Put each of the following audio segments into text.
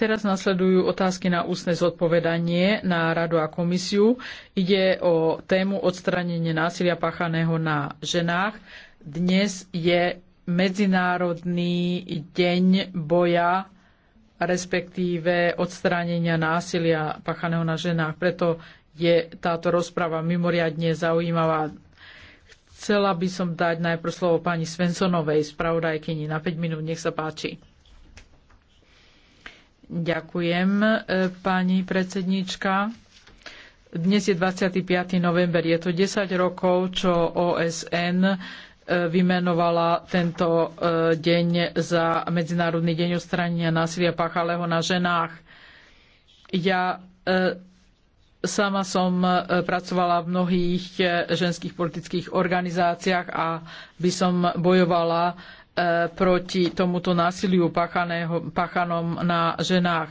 Teraz nasledujú otázky na ústne zodpovedanie na radu a komisiu. Ide o tému odstranenie násilia páchaného na ženách. Dnes je Medzinárodný deň boja respektíve odstránenia násilia pachaného na ženách. Preto je táto rozprava mimoriadne zaujímavá. Chcela by som dať najprv slovo pani Svensonovej, spravodajkyni na 5 minút. Nech sa páči. Ďakujem, e, pani predsedníčka. Dnes je 25. november, je to 10 rokov, čo OSN e, vymenovala tento e, deň za Medzinárodný deň odstránenia násilia pachalého na ženách. Ja sama som pracovala v mnohých ženských politických organizáciách a by som bojovala E, proti tomuto násiliu páchaného, páchanom na ženách.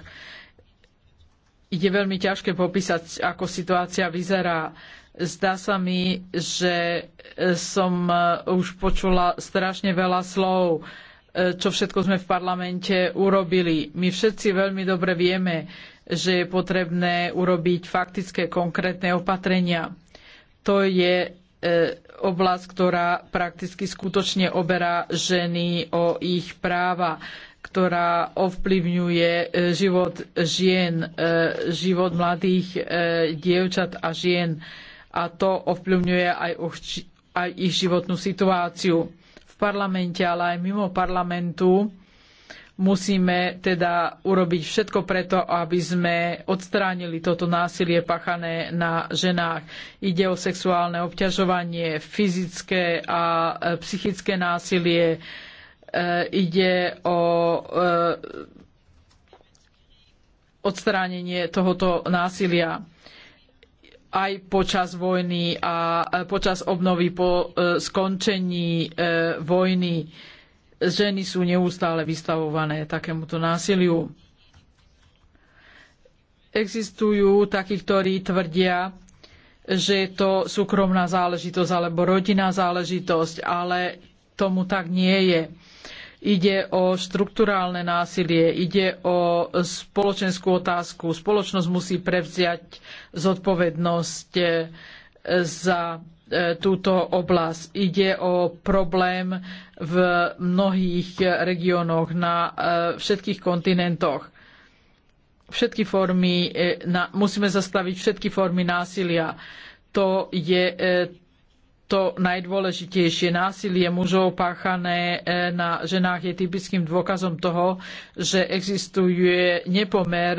Je veľmi ťažké popísať, ako situácia vyzerá. Zdá sa mi, že e, som e, už počula strašne veľa slov, čo všetko sme v parlamente urobili. My všetci veľmi dobre vieme, že je potrebné urobiť faktické konkrétne opatrenia. To je oblasť, ktorá prakticky skutočne oberá ženy o ich práva, ktorá ovplyvňuje e, život žien, e, život mladých e, dievčat a žien a to ovplyvňuje aj, ich životnú situáciu v parlamente, ale aj mimo parlamentu Musíme teda urobiť všetko preto, aby sme odstránili toto násilie pachané na ženách. Ide o sexuálne obťažovanie, fyzické a e, psychické násilie, e, ide o e, odstránenie tohoto násilia aj počas vojny a počas obnovy po skončení vojny ženy sú neustále vystavované takémuto násiliu. Existujú takí, ktorí tvrdia, že je to súkromná záležitosť alebo rodinná záležitosť, ale tomu tak nie je. Ide o štrukturálne násilie, ide o spoločenskú otázku. Spoločnosť musí prevziať zodpovednosť eh, za E, túto oblasť. Ide o problém v mnohých regiónoch na e, všetkých kontinentoch. Všetky formy, e, musíme zastaviť všetky formy násilia. To je to najdôležitejšie. Násilie mužov páchané na ženách je typickým dôkazom toho, že existuje nepomer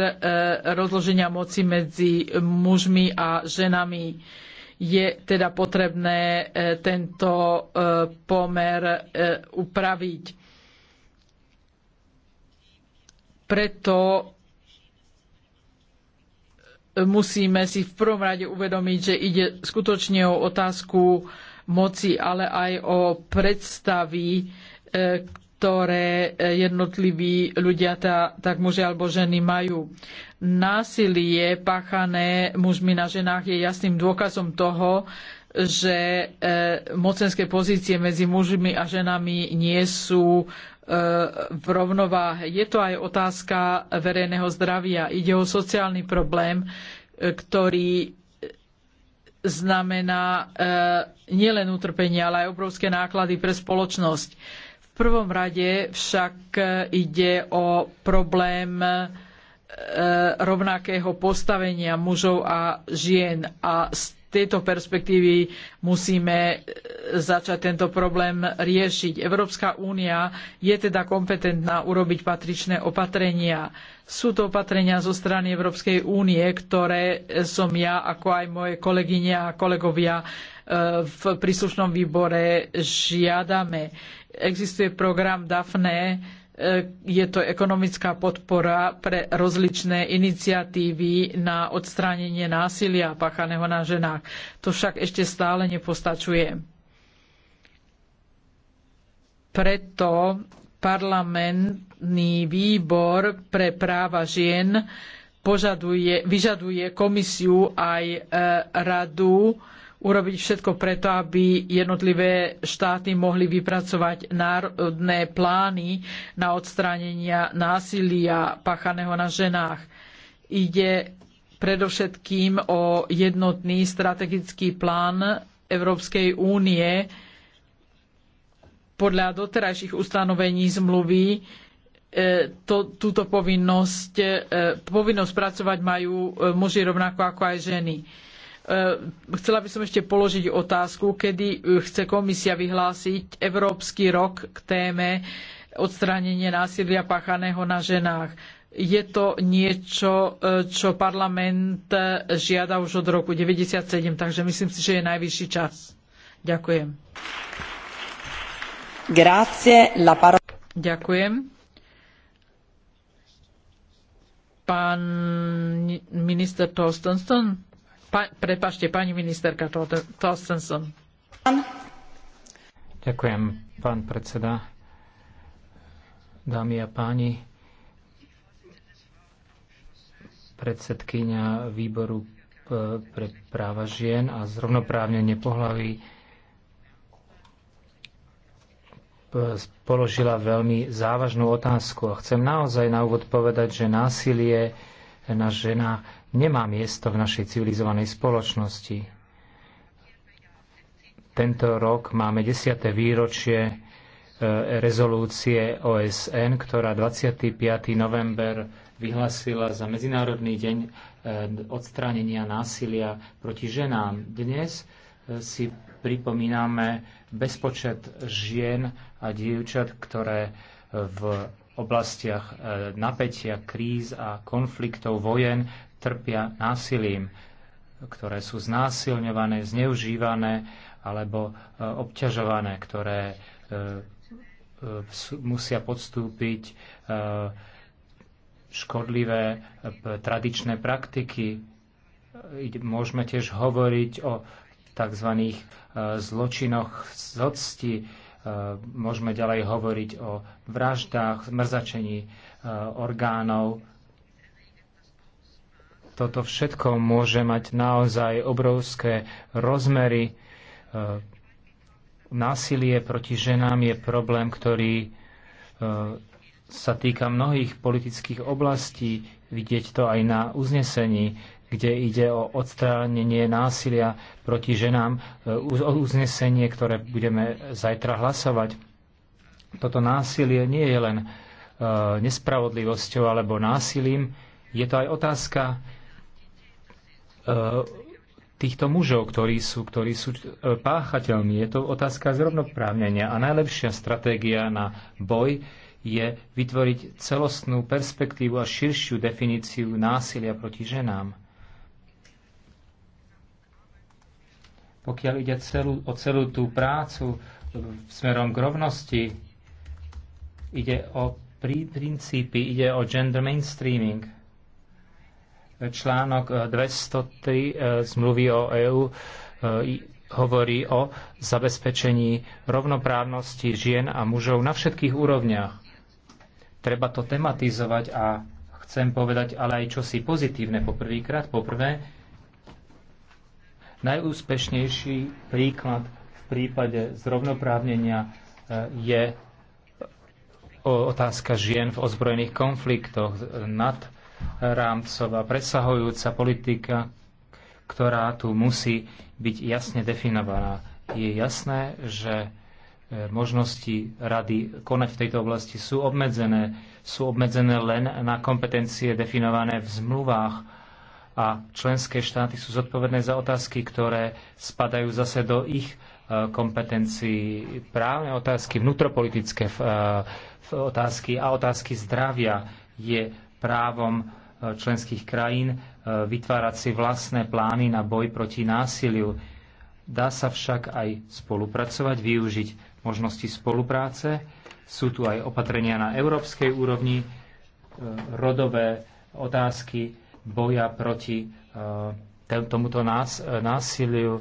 rozloženia moci medzi mužmi a ženami je teda potrebné e, tento e, pomer e, upraviť. Preto musíme si v prvom rade uvedomiť, že ide skutočne o otázku moci, ale aj o predstavy, ktoré jednotliví ľudia, tak muži alebo ženy, majú násilie páchané mužmi na ženách je jasným dôkazom toho, že e, mocenské pozície medzi mužmi a ženami nie sú e, v rovnováhe. Je to aj otázka verejného zdravia. Ide o sociálny problém, e, ktorý znamená nielen utrpenie, ale aj obrovské náklady pre spoločnosť. V prvom rade však ide o problém Eh, rovnakého postavenia mužov a žien a z tejto perspektívy musíme eh, začať tento problém riešiť. Európska únia je teda kompetentná urobiť patričné opatrenia. Sú to opatrenia zo strany Európskej únie, ktoré som ja, ako aj moje kolegyne a kolegovia eh, v príslušnom výbore žiadame. Existuje program DAFNE, E, je to ekonomická podpora pre rozličné iniciatívy na odstránenie násilia páchaného na ženách. To však ešte stále nepostačuje. Preto parlamentný výbor pre práva žien požaduje, vyžaduje komisiu aj e, radu urobiť všetko preto, aby jednotlivé štáty mohli vypracovať národné plány na odstránenia násilia páchaného na ženách. Ide predovšetkým o jednotný strategický plán Európskej únie podľa doterajších ustanovení zmluvy e, to, túto povinnosť, e, povinnosť pracovať majú e, muži rovnako ako aj ženy Eh, chcela by som ešte položiť otázku, kedy eh, chce komisia vyhlásiť Európsky rok k téme odstránenie násilia páchaného na ženách. Je to niečo, eh, čo parlament žiada už od roku 1997, takže myslím si, že je najvyšší čas. Ďakujem. Grazie, Ďakujem. Pán minister Pa, prepašte, pani ministerka Tostenson. Ďakujem, pán predseda. Dámy a páni, predsedkynia výboru e, pre práva žien a zrovnoprávnenie pohlaví e, položila veľmi závažnú otázku. A chcem naozaj na úvod povedať, že násilie na žena nemá miesto v našej civilizovanej spoločnosti. Tento rok máme 10. výročie e, rezolúcie OSN, ktorá 25. november vyhlasila za Medzinárodný deň e, odstránenia násilia proti ženám. Dnes e, si pripomíname bezpočet žien a dievčat, ktoré v oblastiach e, napätia, kríz a konfliktov vojen trpia násilím, ktoré sú znásilňované, zneužívané alebo e, obťažované, ktoré e, musia podstúpiť škodlivé tradičné praktiky. Môžeme tiež hovoriť o tzv. zločinoch z octi, E, môžeme ďalej hovoriť o vraždách, zmrzačení e, orgánov. Toto všetko môže mať naozaj obrovské rozmery. E, násilie proti ženám je problém, ktorý sa týka mnohých politických oblastí. Vidieť to aj na uznesení kde ide o odstránenie násilia proti ženám, e, uznesenie, ktoré budeme zajtra hlasovať. Toto násilie nie je len e, nespravodlivosťou alebo násilím, je to aj otázka e, týchto mužov, ktorí sú, ktorí sú páchateľmi. Je to otázka zrovnoprávnenia a najlepšia stratégia na boj je vytvoriť celostnú perspektívu a širšiu definíciu násilia proti ženám. Pokiaľ ide celú, o celú tú prácu e, smerom k rovnosti, ide o prí, princípy, ide o gender mainstreaming. E, článok 203 e, zmluvy o EÚ hovorí o zabezpečení rovnoprávnosti žien a mužov na všetkých úrovniach. Treba to tematizovať a chcem povedať ale aj čosi pozitívne poprvýkrát. Poprvé, Najúspešnejší príklad v prípade zrovnoprávnenia e, je otázka žien v ozbrojených konfliktoch e, nad rámcová presahujúca politika, ktorá tu musí byť jasne definovaná. Je jasné, že e, možnosti rady konať v tejto oblasti sú obmedzené. Sú obmedzené len na kompetencie definované v zmluvách a členské štáty sú zodpovedné za otázky, ktoré spadajú zase do ich e, kompetencií právne otázky, vnútropolitické e, otázky a otázky zdravia je právom e, členských krajín vytvárať si vlastné plány na boj proti násiliu. Dá sa však aj spolupracovať, využiť možnosti spolupráce. Sú tu aj opatrenia na európskej úrovni, rodové otázky, boja proti eh, tomuto násiliu.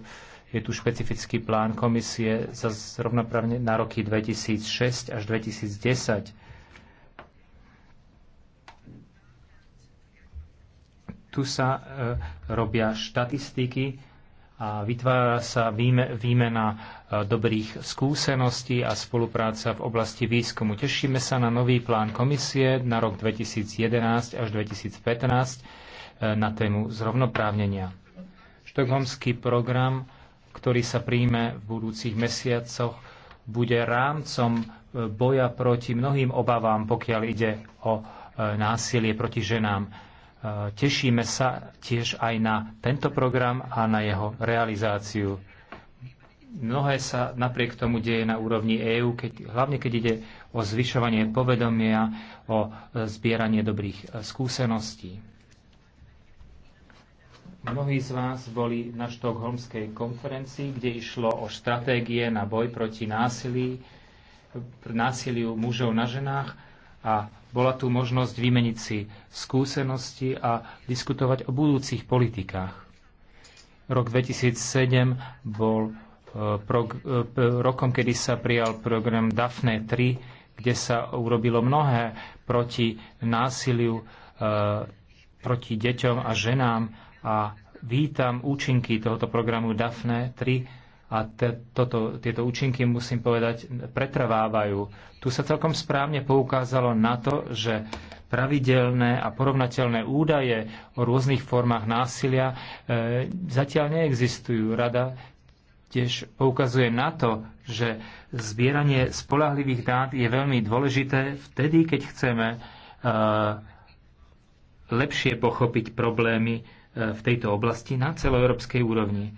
Je tu špecifický plán komisie za zrovnoprávne na roky 2006 až 2010. Tu sa e, robia štatistiky a vytvára sa výme, výmena eh, dobrých skúseností a spolupráca v oblasti výskumu. Tešíme sa na nový plán komisie na rok 2011 až 2015 na tému zrovnoprávnenia. Štokholmský program, ktorý sa príjme v budúcich mesiacoch, bude rámcom e, boja proti mnohým obavám, pokiaľ ide o e, násilie proti ženám. E, tešíme sa tiež aj na tento program a na jeho realizáciu. Mnohé sa napriek tomu deje na úrovni EÚ, keď, hlavne keď ide o zvyšovanie povedomia, o zbieranie dobrých skúseností. Mnohí z vás boli na štokholmskej konferencii, kde išlo o stratégie na boj proti násilí, násiliu mužov na ženách a bola tu možnosť vymeniť si skúsenosti a diskutovať o budúcich politikách. Rok 2007 bol e, e, rokom, kedy sa prijal program DAFNE 3, kde sa urobilo mnohé proti násiliu, e, proti deťom a ženám a vítam účinky tohoto programu DAFNE 3 a te, toto, tieto účinky, musím povedať, pretrvávajú. Tu sa celkom správne poukázalo na to, že pravidelné a porovnateľné údaje o rôznych formách násilia e, zatiaľ neexistujú. Rada tiež poukazuje na to, že zbieranie spolahlivých dát je veľmi dôležité vtedy, keď chceme e, lepšie pochopiť problémy Eh, v tejto oblasti na celoeurópskej úrovni.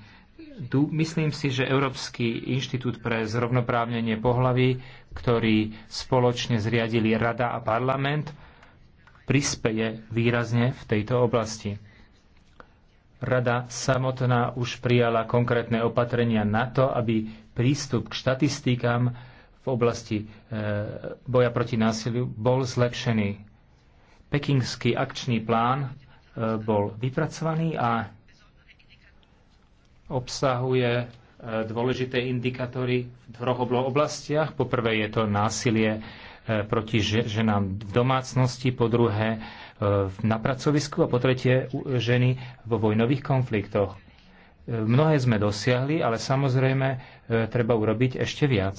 Tu Myslím si, že Európsky inštitút pre zrovnoprávnenie pohlavy, ktorý spoločne zriadili Rada a parlament, prispeje výrazne v tejto oblasti. Rada samotná už prijala konkrétne opatrenia na to, aby prístup k štatistikám v oblasti eh, boja proti násiliu bol zlepšený. Pekingský akčný plán bol vypracovaný a obsahuje e, dôležité indikátory v dvoch oblastiach. Po prvé je to násilie e, proti ženám v domácnosti, po druhé e, na pracovisku a po tretie ženy vo vojnových konfliktoch. Mnohé sme dosiahli, ale samozrejme treba urobiť ešte viac.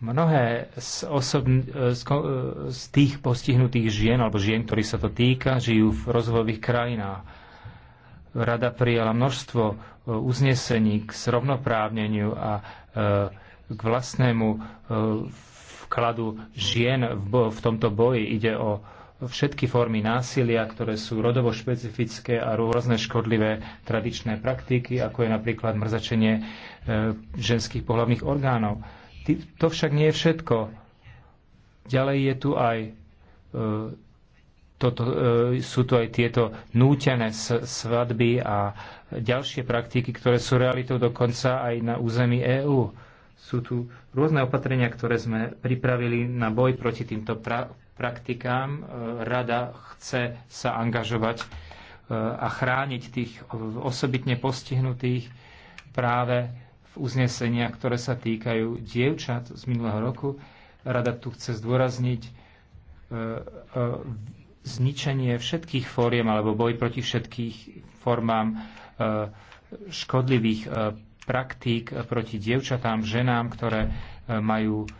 Mnohé z, osobn- eh, z, eh, z tých postihnutých žien alebo žien, ktorí sa to týka, žijú v rozvojových krajinách. Rada prijala množstvo eh, uznesení k zrovnoprávneniu a k vlastnému vkladu žien v, v tomto boji. Ide o všetky formy násilia, ktoré sú rodovo špecifické a rôzne škodlivé tradičné praktiky, ako je napríklad mrzačenie ženských pohľavných orgánov to však nie je všetko. Ďalej je tu aj e, toto, e, sú tu aj tieto nútené svadby a ďalšie praktiky, ktoré sú realitou dokonca aj na území EÚ. Sú tu rôzne opatrenia, ktoré sme pripravili na boj proti týmto pra- praktikám. E, rada chce sa angažovať a chrániť tých osobitne postihnutých práve v uznesenia, ktoré sa týkajú dievčat z minulého roku. Rada tu chce zdôrazniť e, e, zničenie všetkých fóriem alebo boj proti všetkých formám e, škodlivých praktík proti dievčatám, ženám, ktoré majú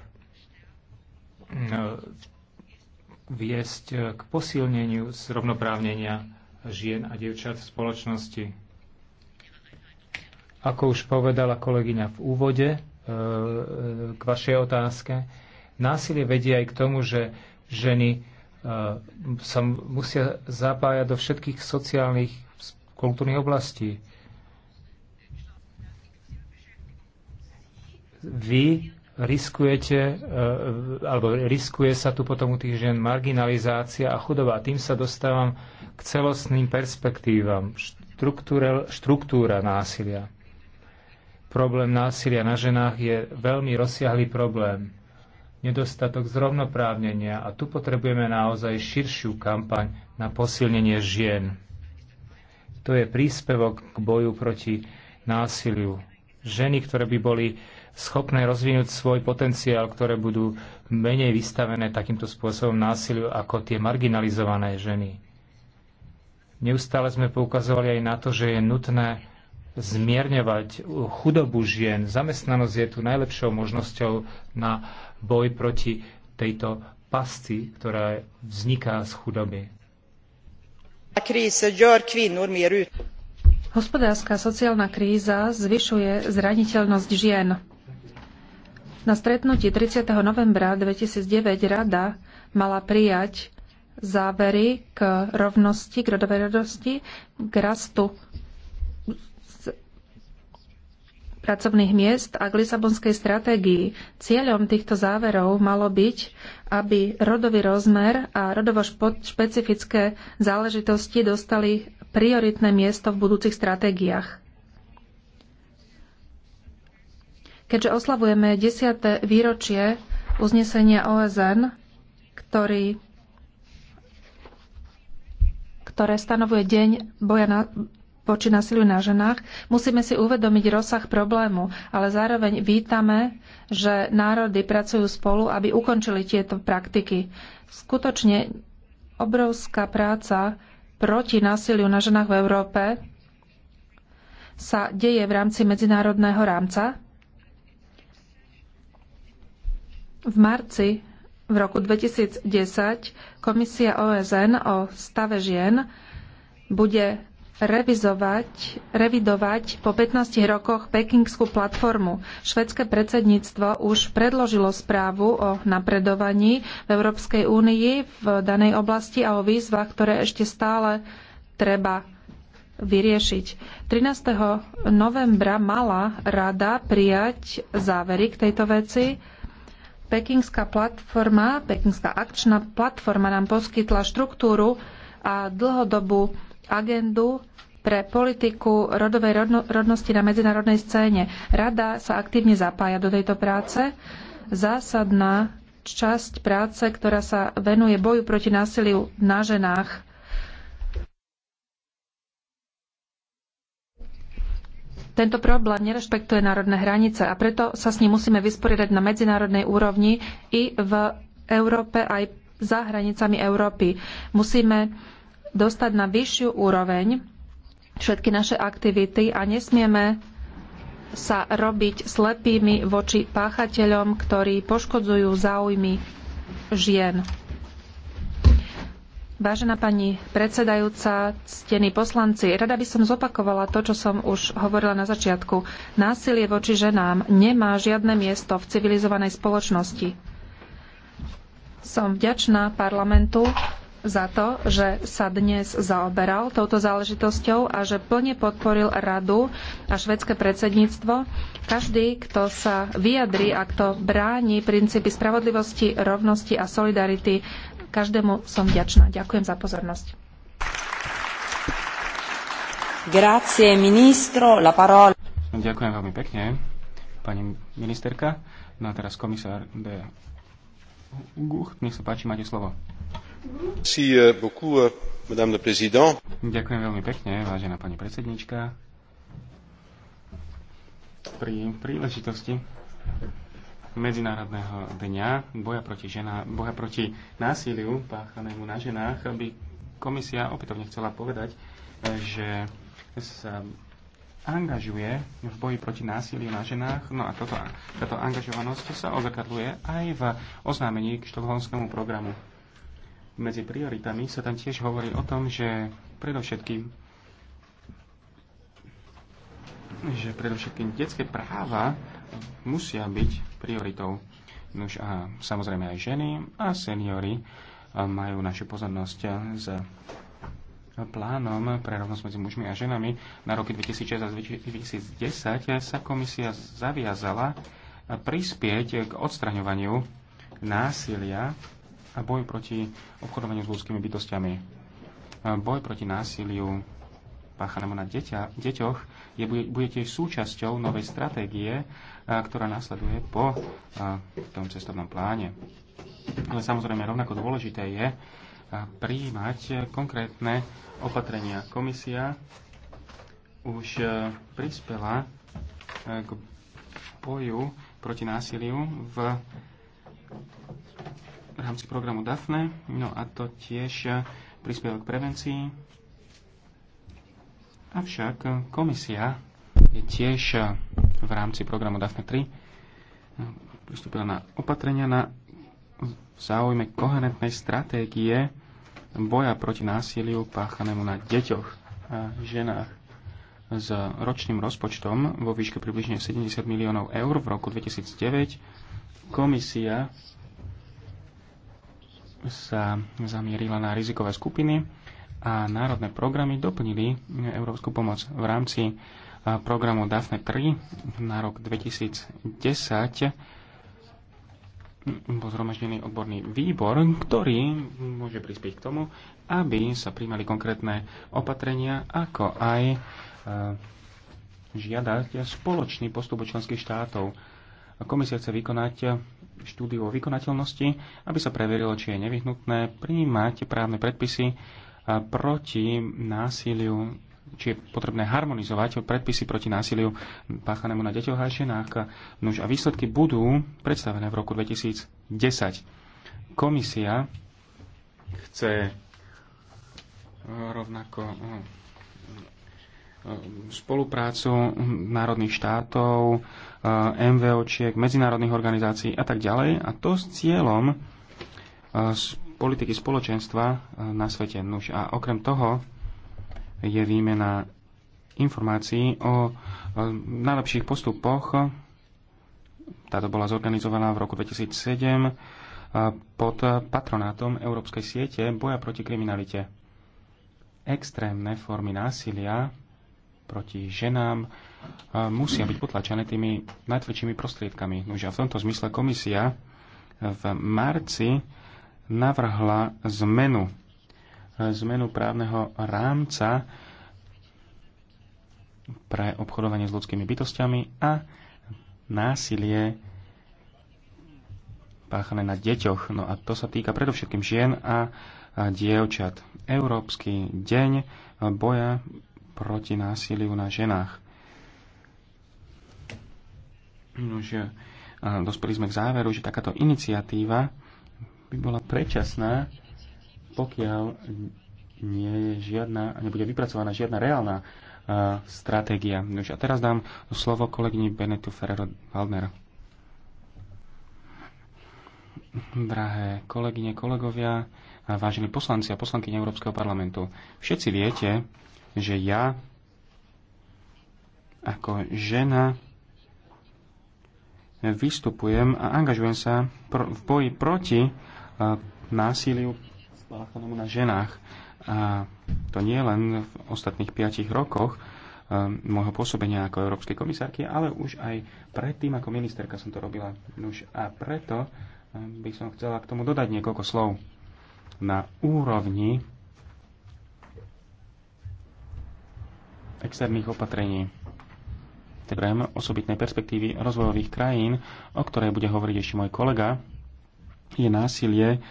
viesť k posilneniu zrovnoprávnenia žien a dievčat v spoločnosti. Ako už povedala kolegyňa v úvode e, e, k vašej otázke, násilie vedie aj k tomu, že ženy e, sa musia zapájať do všetkých sociálnych kultúrnych oblastí. Vy riskujete, alebo riskuje sa tu potom u tých žien marginalizácia a chudoba. A tým sa dostávam k celostným perspektívam, štruktúra násilia. Problém násilia na ženách je veľmi rozsiahlý problém. Nedostatok zrovnoprávnenia a tu potrebujeme naozaj širšiu kampaň na posilnenie žien. To je príspevok k boju proti násiliu. Ženy, ktoré by boli schopné rozvinúť svoj potenciál, ktoré budú menej vystavené takýmto spôsobom násiliu ako tie marginalizované ženy. Neustále sme poukazovali aj na to, že je nutné zmierňovať chudobu žien. Zamestnanosť je tu najlepšou možnosťou na boj proti tejto pasty, ktorá vzniká z chudoby. Hospodárska sociálna kríza zvyšuje zraniteľnosť žien. Na stretnutí 30. novembra 2009 rada mala prijať závery k rovnosti, k rodovej rodosti, k rastu pracovných miest a k Lisabonskej stratégii. Cieľom týchto záverov malo byť, aby rodový rozmer a rodovo špecifické záležitosti dostali prioritné miesto v budúcich stratégiách. Keďže oslavujeme 10. výročie uznesenia OSN, ktorý, ktoré stanovuje deň boja na, voči násiliu na ženách, musíme si uvedomiť rozsah problému, ale zároveň vítame, že národy pracujú spolu, aby ukončili tieto praktiky. Skutočne obrovská práca proti násiliu na ženách v Európe sa deje v rámci medzinárodného rámca. V marci v roku 2010 Komisia OSN o stave žien bude revizovať, revidovať po 15 rokoch pekingskú platformu. Švedské predsedníctvo už predložilo správu o napredovaní v Európskej únii v danej oblasti a o výzvach, ktoré ešte stále treba vyriešiť. 13. novembra mala rada prijať závery k tejto veci. Pekingská platforma, Pekingská akčná platforma nám poskytla štruktúru a dlhodobú agendu pre politiku rodovej rodno, rodnosti na medzinárodnej scéne. Rada sa aktívne zapája do tejto práce. Zásadná časť práce, ktorá sa venuje boju proti násiliu na ženách. Tento problém nerešpektuje národné hranice a preto sa s ním musíme vysporiadať na medzinárodnej úrovni i v Európe aj za hranicami Európy. Musíme dostať na vyššiu úroveň všetky naše aktivity a nesmieme sa robiť slepými voči páchateľom, ktorí poškodzujú záujmy žien. Vážená pani predsedajúca, ctení poslanci, rada by som zopakovala to, čo som už hovorila na začiatku. Násilie voči ženám nemá žiadne miesto v civilizovanej spoločnosti. Som vďačná parlamentu za to, že sa dnes zaoberal touto záležitosťou a že plne podporil radu a švedské predsedníctvo. Každý, kto sa vyjadri a kto bráni princípy spravodlivosti, rovnosti a solidarity, každému som vďačná. Ďakujem za pozornosť. Grazie, ministro, la parola. Ďakujem veľmi pekne, pani ministerka. No a teraz komisár de Guch, nech sa páči, máte slovo. Euh, euh, Ďakujem veľmi pekne, vážená pani predsednička. Pri príležitosti Medzinárodného dňa boja proti, žena, boja proti násiliu páchanému na ženách by komisia opätovne chcela povedať, že sa angažuje v boji proti násiliu na ženách. No a toto, táto angažovanosť sa ozrkadluje aj v oznámení k štokholmskému programu medzi prioritami sa tam tiež hovorí o tom, že predovšetkým že predovšetkým detské práva musia byť prioritou. Nuž a samozrejme aj ženy a seniory majú našu pozornosť s plánom pre rovnosť medzi mužmi a ženami na roky 2006 a 2010 sa komisia zaviazala prispieť k odstraňovaniu násilia a boj proti obchodovaniu s ľudskými bytostiami. Boj proti násiliu páchanému na deťa, deťoch je, bude, bude tiež súčasťou novej stratégie, ktorá následuje po tom cestovnom pláne. Ale samozrejme rovnako dôležité je prijímať konkrétne opatrenia. Komisia už prispela k boju proti násiliu v v rámci programu DAFNE, no a to tiež eh, prispieva k prevencii. Avšak eh, komisia je tiež eh, v rámci programu DAFNE 3 pristúpila na opatrenia na záujme koherentnej stratégie boja proti násiliu páchanému na deťoch a ženách s ročným rozpočtom vo výške približne 70 miliónov eur v roku 2009 komisia sa zamierila na rizikové skupiny a národné programy doplnili európsku pomoc. V rámci programu DAFNE 3 na rok 2010 bol zhromaždený odborný výbor, ktorý môže prispieť k tomu, aby sa príjmali konkrétne opatrenia, ako aj žiadať spoločný postup členských štátov. Komisia chce vykonať štúdiu o vykonateľnosti, aby sa preverilo, či je nevyhnutné prijímať právne predpisy e, proti násiliu, či je potrebné harmonizovať predpisy proti násiliu páchanému na deťoch a ženách. Nož a výsledky budú predstavené v roku 2010. Komisia chce rovnako hm, spoluprácu národných štátov, eh, MVOčiek, medzinárodných organizácií a tak ďalej. A to s cieľom eh, politiky spoločenstva eh, na svete. Nuž a okrem toho je výmena informácií o najlepších postupoch. Táto bola zorganizovaná v roku 2007 pod patronátom Európskej siete boja proti kriminalite. Extrémne formy násilia proti ženám musia byť potlačené tými najtvrdšími prostriedkami. Nože a v tomto zmysle komisia v marci navrhla zmenu, zmenu právneho rámca pre obchodovanie s ľudskými bytostiami a násilie páchané na deťoch. No a to sa týka predovšetkým žien a dievčat. Európsky deň boja proti násiliu na ženách. Nože, dospeli sme k záveru, že takáto iniciatíva by bola predčasná, pokiaľ nie je žiadna, nebude vypracovaná žiadna reálna uh, stratégia. Nož, a teraz dám slovo kolegyni Benetu Ferrero Waldner. Drahé kolegyne, kolegovia, vážení poslanci a poslanky Európskeho parlamentu, všetci viete, že ja ako žena vystupujem a angažujem sa v boji proti e, násiliu spáchanému na ženách. A to nie len v ostatných piatich rokoch e, môjho pôsobenia ako európskej komisárky, ale už aj predtým ako ministerka som to robila. Už a preto e, by som chcela k tomu dodať niekoľko slov. Na úrovni externých opatrení. Program osobitnej perspektívy rozvojových krajín, o ktorej bude hovoriť ešte môj kolega, je násilie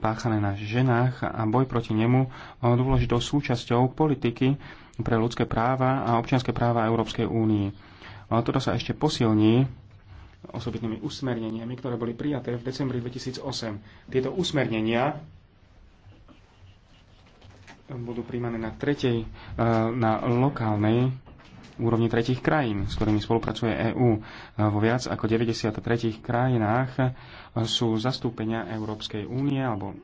páchané na ženách a boj proti nemu dôležitou súčasťou politiky pre ľudské práva a občianské práva Európskej únii. Toto sa ešte posilní osobitnými usmerneniami, ktoré boli prijaté v decembri 2008. Tieto usmernenia budú príjmané na tretej, eh, na lokálnej úrovni tretich krajín, s ktorými spolupracuje EÚ. Eh, vo viac ako 93 krajinách eh, sú zastúpenia Európskej únie alebo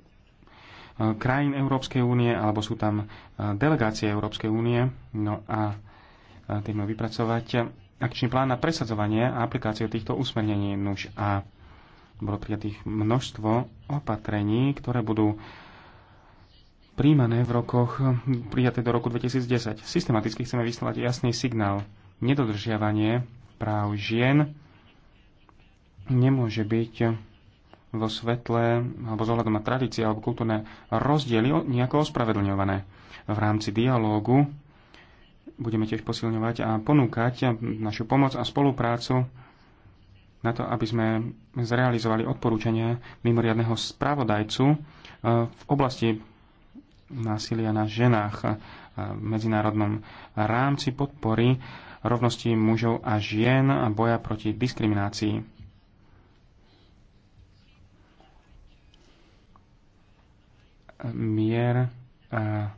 krajín Európskej únie, alebo sú tam delegácie Európskej únie. No a tým vypracovať akčný plán na presadzovanie a aplikáciu týchto usmernení. Nuž a bolo prijatých množstvo opatrení, ktoré budú príjmané v rokoch prijaté do roku 2010. Systematicky chceme vyslať jasný signál. Nedodržiavanie práv žien nemôže byť vo svetle alebo zohľadom na tradície alebo kultúrne rozdiely nejako ospravedlňované. V rámci dialógu budeme tiež posilňovať a ponúkať našu pomoc a spoluprácu na to, aby sme zrealizovali odporúčania mimoriadného spravodajcu e, v oblasti násilia na ženách v medzinárodnom rámci podpory rovnosti mužov a žien a boja proti diskriminácii. mier, a,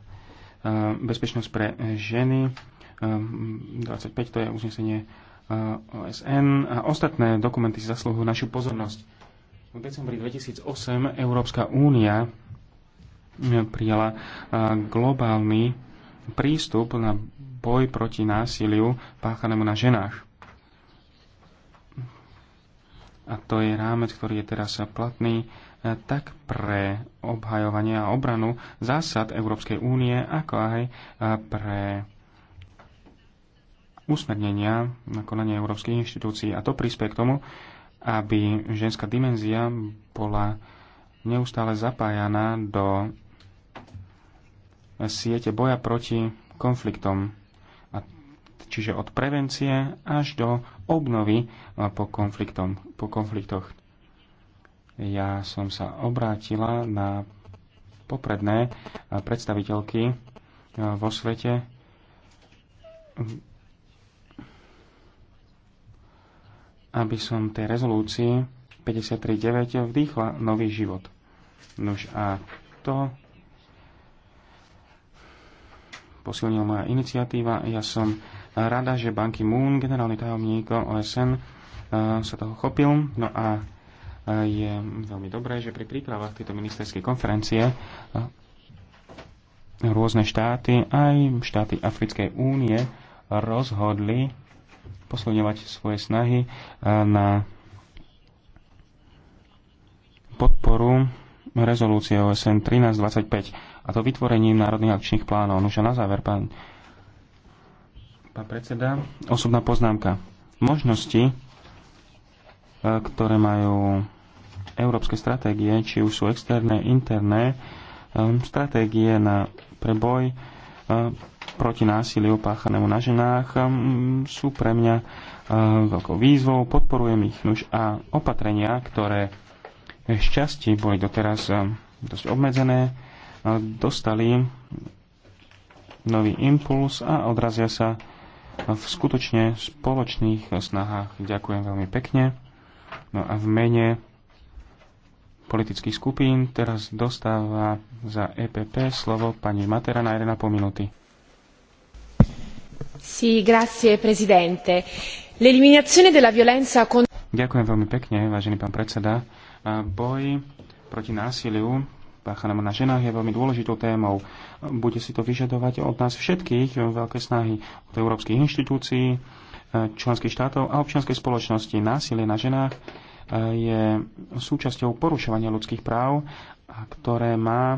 bezpečnosť pre ženy, 25 to je uznesenie OSN a ostatné dokumenty zasluhujú zaslúhujú našu pozornosť. V decembri 2008 Európska únia prijala globálny prístup na boj proti násiliu páchanému na ženách. A to je rámec, ktorý je teraz platný tak pre obhajovanie a obranu zásad Európskej únie, ako aj pre usmernenia na konanie európskych inštitúcií. A to prispie k tomu, aby ženská dimenzia bola neustále zapájaná do siete boja proti konfliktom. A čiže od prevencie až do obnovy po, konfliktom, po konfliktoch. Ja som sa obrátila na popredné predstaviteľky vo svete aby som tej rezolúcii 53.9 vdýchla nový život. Nož a to posilnila moja iniciatíva. Ja som rada, že Banky Moon, generálny tajomník OSN, e, sa toho chopil. No a e, je veľmi dobré, že pri prípravách tejto ministerskej konferencie e, rôzne štáty, aj štáty Africkej únie, rozhodli posilňovať svoje snahy na podporu rezolúcie OSN 1325 a to vytvorením národných akčných plánov. No už na záver, pán, pán predseda, osobná poznámka. Možnosti, e, ktoré majú európske stratégie, či už sú externé, interné, e, stratégie na preboj e, proti násiliu páchanému na ženách sú pre mňa veľkou výzvou, podporujem ich nuž a opatrenia, ktoré šťastie boli doteraz dosť obmedzené, dostali nový impuls a odrazia sa v skutočne spoločných snahách. Ďakujem veľmi pekne. No a v mene politických skupín teraz dostáva za EPP slovo pani Matera na 1,5 minúty. Sí, grazie, presidente. L'eliminazione della violenza con... Ďakujem veľmi pekne, vážený pán predseda. Boj proti násiliu páchanom na ženách je veľmi dôležitou témou. Bude si to vyžadovať od nás všetkých veľké snahy od európskych inštitúcií, e, členských štátov a občianskej spoločnosti. Násilie na ženách e, je súčasťou porušovania ľudských práv, ktoré má e,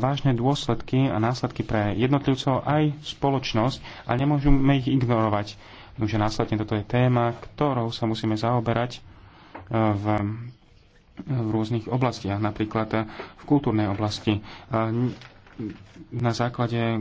vážne dôsledky a následky pre jednotlivcov aj spoločnosť a nemôžeme ich ignorovať. Takže následne toto je téma, ktorou sa musíme zaoberať v v rôznych oblastiach, napríklad eh, v kultúrnej oblasti. Na základe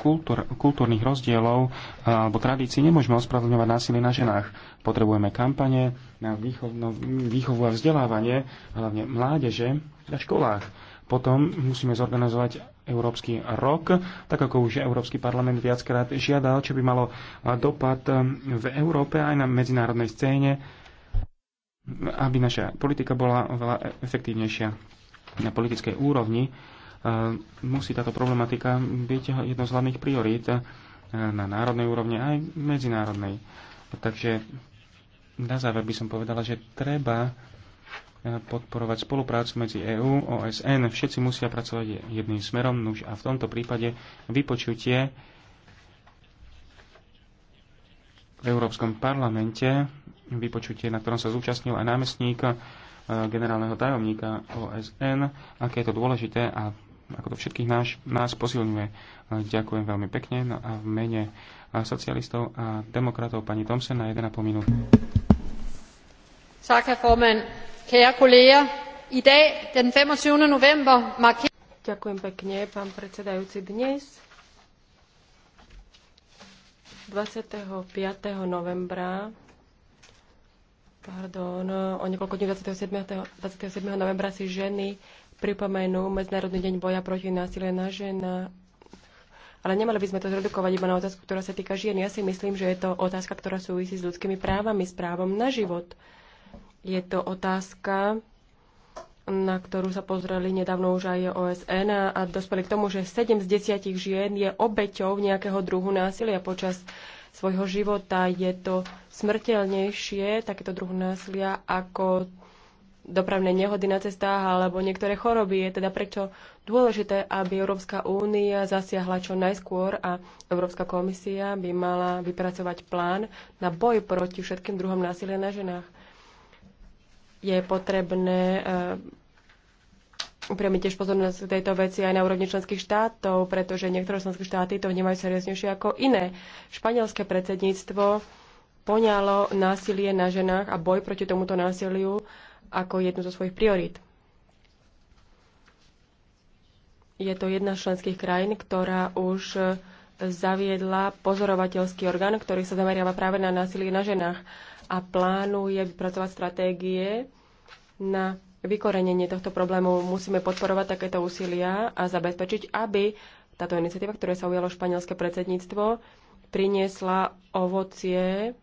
kultúr, kultúrnych rozdielov eh, alebo tradícií nemôžeme ospravedlňovať násilie na ženách. Potrebujeme kampane na no, výchovu a vzdelávanie, hlavne mládeže na školách. Potom musíme zorganizovať Európsky rok, tak ako už Európsky parlament viackrát žiadal, čo by malo eh, dopad v Európe aj na medzinárodnej scéne aby naša politika bola oveľa efektívnejšia na politickej úrovni, e, musí táto problematika byť jednou z hlavných priorít e, na národnej úrovni aj medzinárodnej. Takže na záver by som povedala, že treba e, podporovať spoluprácu medzi EÚ, OSN. Všetci musia pracovať jedným smerom, nuž a v tomto prípade vypočutie v Európskom parlamente vypočutie, na ktorom sa zúčastnil aj námestník e, generálneho tajomníka OSN, aké je to dôležité a ako to všetkých nás, nás posilňuje. E, ďakujem veľmi pekne no a v mene e, socialistov a demokratov pani Tomsen na 1,5 minút. Ďakujem pekne, pán predsedajúci. Dnes, 25. novembra, pardon, o niekoľko dní 27. 27. novembra si ženy pripomenú Medzinárodný deň boja proti násilie na žena, Ale nemali by sme to zredukovať iba na otázku, ktorá sa týka žien. Ja si myslím, že je to otázka, ktorá súvisí s ľudskými právami, s právom na život. Je to otázka, na ktorú sa pozreli nedávno už aj OSN a, a dospeli k tomu, že 7 z 10 žien je obeťou nejakého druhu násilia počas svojho života. Je to smrteľnejšie, takéto druh násilia, ako dopravné nehody na cestách alebo niektoré choroby. Je teda prečo dôležité, aby Európska únia zasiahla čo najskôr a Európska komisia by mala vypracovať plán na boj proti všetkým druhom násilia na ženách. Je potrebné eh, upriami tiež pozornosť k tejto veci aj na úrovni členských štátov, pretože niektoré členské štáty to vnímajú serióznejšie ako iné. Španielské predsedníctvo poňalo násilie na ženách a boj proti tomuto násiliu ako jednu zo svojich priorít. Je to jedna z členských krajín, ktorá už zaviedla pozorovateľský orgán, ktorý sa zameriava práve na násilie na ženách a plánuje vypracovať stratégie na vykorenenie tohto problému musíme podporovať takéto úsilia a zabezpečiť, aby táto iniciatíva, ktoré sa ujalo španielské predsedníctvo, priniesla ovocie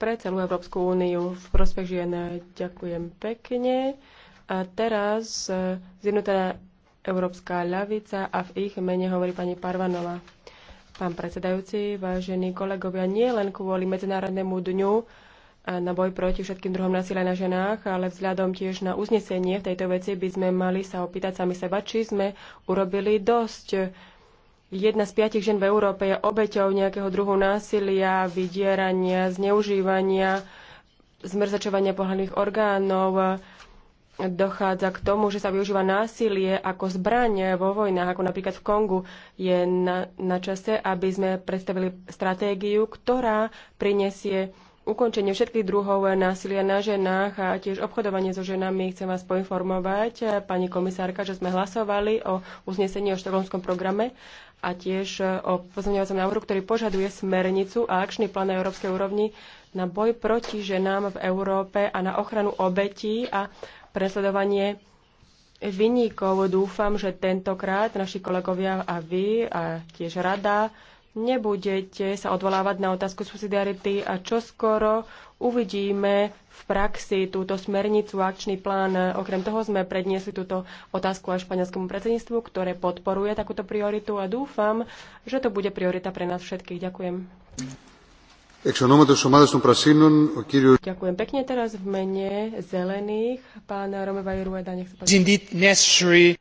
pre celú Európsku úniu v prospech žien. Ďakujem pekne. A teraz e, zjednotená Európska ľavica a v ich mene hovorí pani Parvanova. Pán predsedajúci, vážení kolegovia, nie len kvôli Medzinárodnému dňu na boj proti všetkým druhom násilia na ženách, ale vzhľadom tiež na uznesenie v tejto veci by sme mali sa opýtať sami seba, či sme urobili dosť. Jedna z piatich žen v Európe je obeťou nejakého druhu násilia, vydierania, zneužívania, zmrzačovania pohľadných orgánov. Dochádza k tomu, že sa využíva násilie ako zbraň vo vojnách, ako napríklad v Kongu. Je na, na čase, aby sme predstavili stratégiu, ktorá prinesie ukončenie všetkých druhov násilia na ženách a tiež obchodovanie so ženami. Chcem vás poinformovať, pani komisárka, že sme hlasovali o uznesení o štokholmskom programe a tiež o pozmeňovacom návrhu, ktorý požaduje smernicu a akčný plán na európskej úrovni na boj proti ženám v Európe a na ochranu obetí a presledovanie vyníkov. Dúfam, že tentokrát naši kolegovia a vy a tiež rada nebudete sa odvolávať na otázku subsidiarity a čo skoro uvidíme v praxi túto smernicu, akčný plán. Okrem toho sme predniesli túto otázku aj španielskému predsedníctvu, ktoré podporuje takúto prioritu a dúfam, že to bude priorita pre nás všetkých. Ďakujem. Ďakujem pekne teraz v mene zelených. Pán Romevaj Rueda, nech sa páči.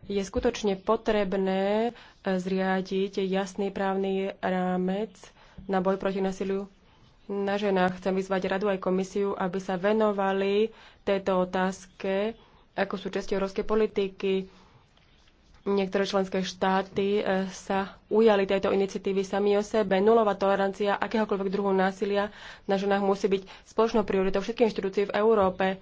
Je skutočne potrebné zriadiť jasný právny rámec na boj proti nasiliu na ženách. Chcem vyzvať radu aj komisiu, aby sa venovali tejto otázke ako súčasť európskej politiky. Niektoré členské štáty e, sa ujali tejto iniciatívy sami o sebe. Nulová tolerancia akéhokoľvek druhu násilia na ženách musí byť spoločnou prioritou všetkých inštitúcií v Európe.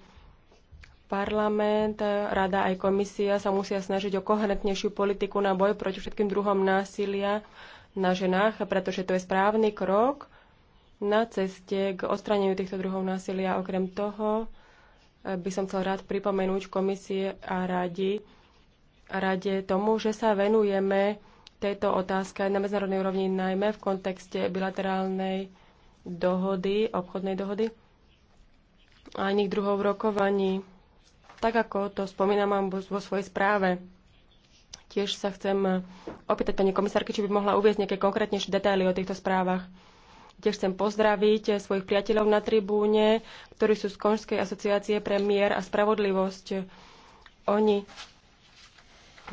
Parlament, rada aj komisia sa musia snažiť o koherentnejšiu politiku na boj proti všetkým druhom násilia na ženách, pretože to je správny krok na ceste k odstraneniu týchto druhov násilia. Okrem toho eh, by som chcel rád pripomenúť komisie a radi, rade tomu, že sa venujeme tejto otázke na medzinárodnej úrovni, najmä v kontexte bilaterálnej dohody, obchodnej dohody a iných druhov rokovaní tak ako to spomínam vo svojej správe. Tiež sa chcem opýtať pani komisárky, či by mohla uviezť nejaké konkrétnejšie detaily o týchto správach. Tiež chcem pozdraviť svojich priateľov na tribúne, ktorí sú z Konžskej asociácie pre mier a spravodlivosť. Oni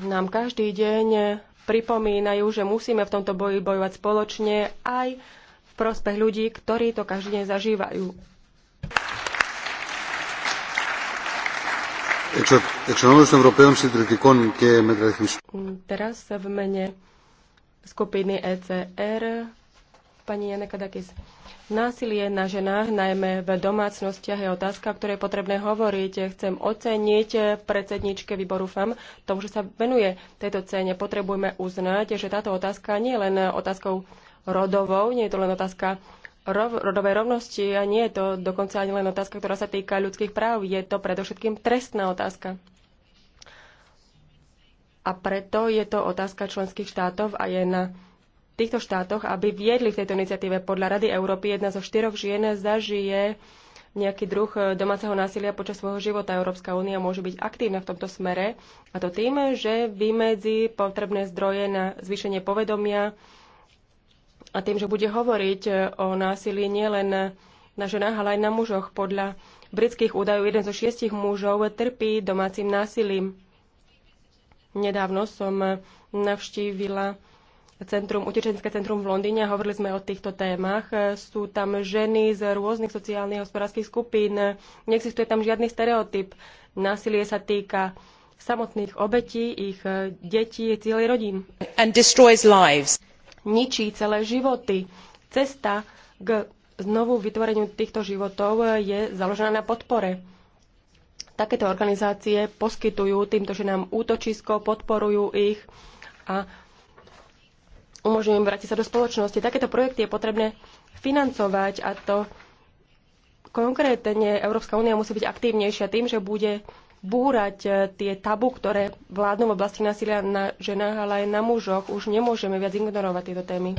nám každý deň pripomínajú, že musíme v tomto boji bojovať spoločne aj v prospech ľudí, ktorí to každý deň zažívajú. Teraz v mene skupiny ECR pani Jana Kadakis. Násilie na ženách, najmä v domácnostiach, je otázka, o ktorej je potrebné hovoriť. Chcem oceniť predsedničke výboru FAM tomu, že sa venuje tejto cene. Potrebujeme uznať, že táto otázka nie je len otázkou rodovou, nie je to len otázka rov, rodovej rovnosti a nie je to dokonca ani len otázka, ktorá sa týka ľudských práv. Je to predovšetkým trestná otázka. A preto je to otázka členských štátov a je na týchto štátoch, aby viedli v tejto iniciatíve. Podľa Rady Európy jedna zo štyroch žien zažije nejaký druh domáceho násilia počas svojho života. Európska únia môže byť aktívna v tomto smere a to tým, že vymedzi potrebné zdroje na zvýšenie povedomia, a tým, že bude hovoriť e, o násilí nielen na ženách, ale aj na mužoch. Podľa britských údajov jeden zo šiestich mužov trpí domácim násilím. Nedávno som navštívila centrum, utečenské centrum v Londýne a hovorili sme o týchto témach. E, sú tam ženy z rôznych sociálnych a skupín. Neexistuje tam žiadny stereotyp. Násilie sa týka samotných obetí, ich e, detí, cieľej rodín. And destroys lives ničí celé životy. Cesta k znovu vytvoreniu týchto životov je založená na podpore. Takéto organizácie poskytujú týmto ženám útočisko, podporujú ich a umožňujú im vrátiť sa do spoločnosti. Takéto projekty je potrebné financovať a to konkrétne Európska únia musí byť aktívnejšia tým, že bude búrať e, tie tabu, ktoré vládnu v oblasti násilia na ženách, ale aj na mužoch. Už nemôžeme viac ignorovať tieto témy.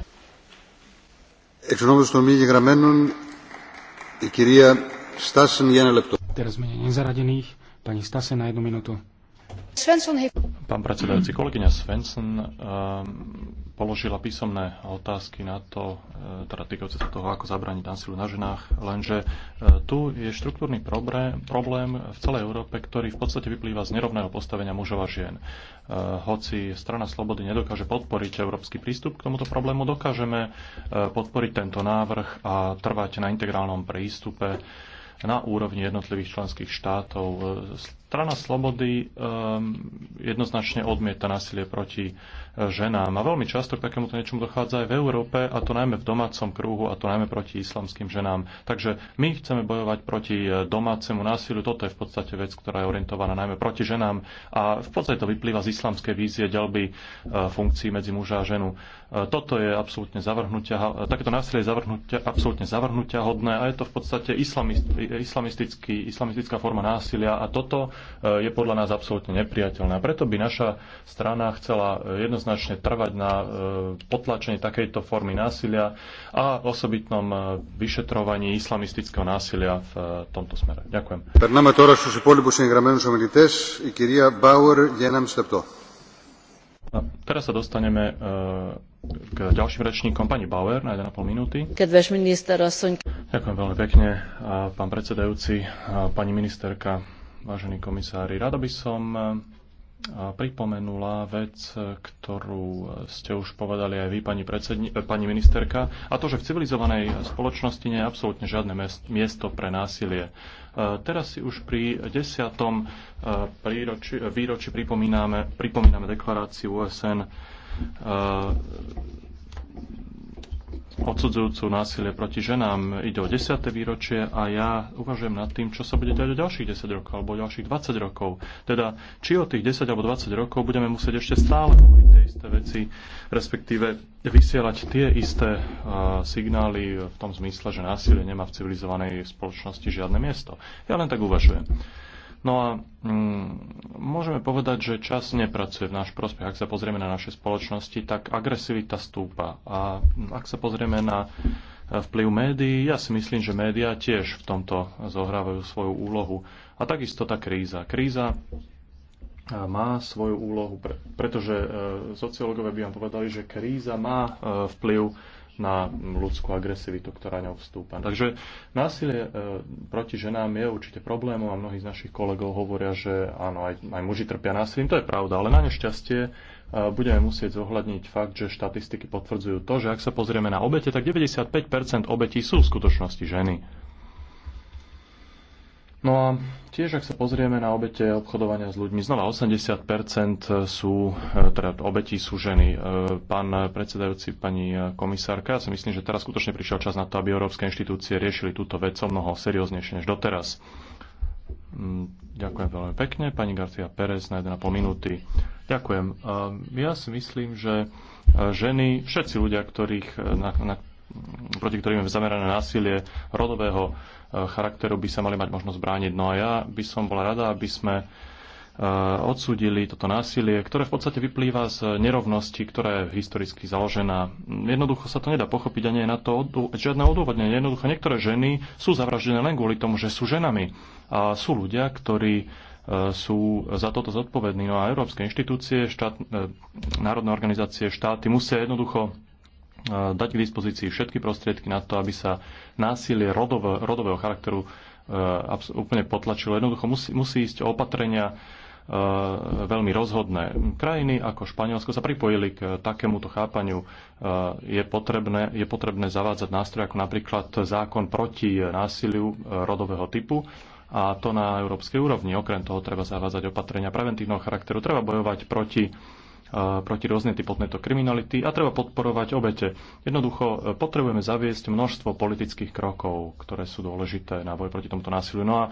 Teraz menej nezaradených. Pani Stase na jednu minútu. Svensson... Pán predsedajúci, kolegyňa Svensson um, položila písomné otázky na to, e, teda týkajúce sa toho, ako zabrániť násilu na ženách, lenže e, tu je štruktúrny problém, problém v celej Európe, ktorý v podstate vyplýva z nerovného postavenia mužov a žien. E, hoci strana slobody nedokáže podporiť európsky prístup k tomuto problému, dokážeme e, podporiť tento návrh a trvať na integrálnom prístupe na úrovni jednotlivých členských štátov. Strana slobody um, jednoznačne odmieta násilie proti e, ženám a veľmi často k takémuto niečomu dochádza aj v Európe a to najmä v domácom kruhu a to najmä proti islamským ženám. Takže my chceme bojovať proti e, domácemu násiliu. Toto je v podstate vec, ktorá je orientovaná najmä proti ženám a v podstate to vyplýva z islamskej vízie ďalby e, funkcií medzi muža a ženu. Toto je absolútne zavrhnutia, takéto násilie je zavrhnutia, absolútne zavrhnutia hodné a je to v podstate islamist, islamistický, islamistická forma násilia a toto E, je podľa nás absolútne nepriateľné. A preto by naša strana chcela e, jednoznačne trvať na e, potlačení takejto formy násilia a osobitnom vyšetrovaní islamistického násilia v tomto smere. Ďakujem. teraz sa dostaneme k ďalším rečníkom. Pani Bauer na 1,5 minúty. minister, Ďakujem veľmi pekne, pán predsedajúci, pani ministerka vážení komisári. Rada by som e, pripomenula vec, e, ktorú e, ste už povedali aj vy, pani, pani ministerka, a to, že v civilizovanej spoločnosti nie je absolútne žiadne miesto pre násilie. Teraz si už pri desiatom výročí pripomíname, pripomíname deklaráciu OSN odsudzujúcu násilie proti ženám. Ide o 10. výročie a ja uvažujem nad tým, čo sa bude dať o ďalších 10 rokov alebo o ďalších 20 rokov. Teda, či o tých 10 alebo 20 rokov budeme musieť ešte stále hovoriť tie isté veci, respektíve vysielať tie isté uh, signály v tom zmysle, že násilie nemá v civilizovanej spoločnosti žiadne miesto. Ja len tak uvažujem. No a mm, môžeme povedať, že čas nepracuje v náš prospech. Ak sa pozrieme na naše spoločnosti, tak agresivita stúpa. A ak sa pozrieme na eh, vplyv médií, ja si myslím, že médiá tiež v tomto zohrávajú svoju úlohu. A takisto tá kríza. Kríza eh, má svoju úlohu, pretože eh, sociológovia by vám povedali, že kríza má vplyv na ľudskú agresivitu, ktorá ňou vstúpa. Takže násilie e, proti ženám je určite problémom a mnohí z našich kolegov hovoria, že áno, aj, aj muži trpia násilím. To je pravda, ale na nešťastie e, budeme musieť zohľadniť fakt, že štatistiky potvrdzujú to, že ak sa pozrieme na obete, tak 95% obetí sú v skutočnosti ženy. No a tiež, ak sa pozrieme na obete obchodovania s ľuďmi, znova 80% sú, e, teda obetí sú ženy. E, pán predsedajúci, pani komisárka, ja si myslím, že teraz skutočne prišiel čas na to, aby európske inštitúcie riešili túto vec o mnoho serióznejšie než doteraz. Mm, ďakujem veľmi pekne. Pani Garcia Perez, na 1,5 minúty. Ďakujem. E, ja si myslím, že ženy, všetci ľudia, ktorých, na, na, proti ktorým je zamerané násilie rodového charakteru by sa mali mať možnosť brániť. No a ja by som bola rada, aby sme e, odsúdili toto násilie, ktoré v podstate vyplýva z nerovnosti, ktorá je historicky založená. Jednoducho sa to nedá pochopiť a nie je na to odú- žiadne odôvodnenie. Jednoducho niektoré ženy sú zavraždené len kvôli tomu, že sú ženami. A sú ľudia, ktorí e, sú za toto zodpovední. No a európske inštitúcie, štát, e, národné organizácie, štáty musia jednoducho dať k dispozícii všetky prostriedky na to, aby sa násilie rodové, rodového charakteru e, úplne potlačilo. Jednoducho musí, musí ísť o opatrenia e, veľmi rozhodné. Krajiny ako Španielsko sa pripojili k takémuto chápaniu. E, je potrebné, je potrebné zavádzať nástroje ako napríklad zákon proti násiliu rodového typu a to na európskej úrovni. Okrem toho treba zavádzať opatrenia preventívneho charakteru. Treba bojovať proti proti rôzne typu tejto kriminality a treba podporovať obete. Jednoducho e, potrebujeme zaviesť množstvo politických krokov, ktoré sú dôležité na boj proti tomuto násiliu. No a e,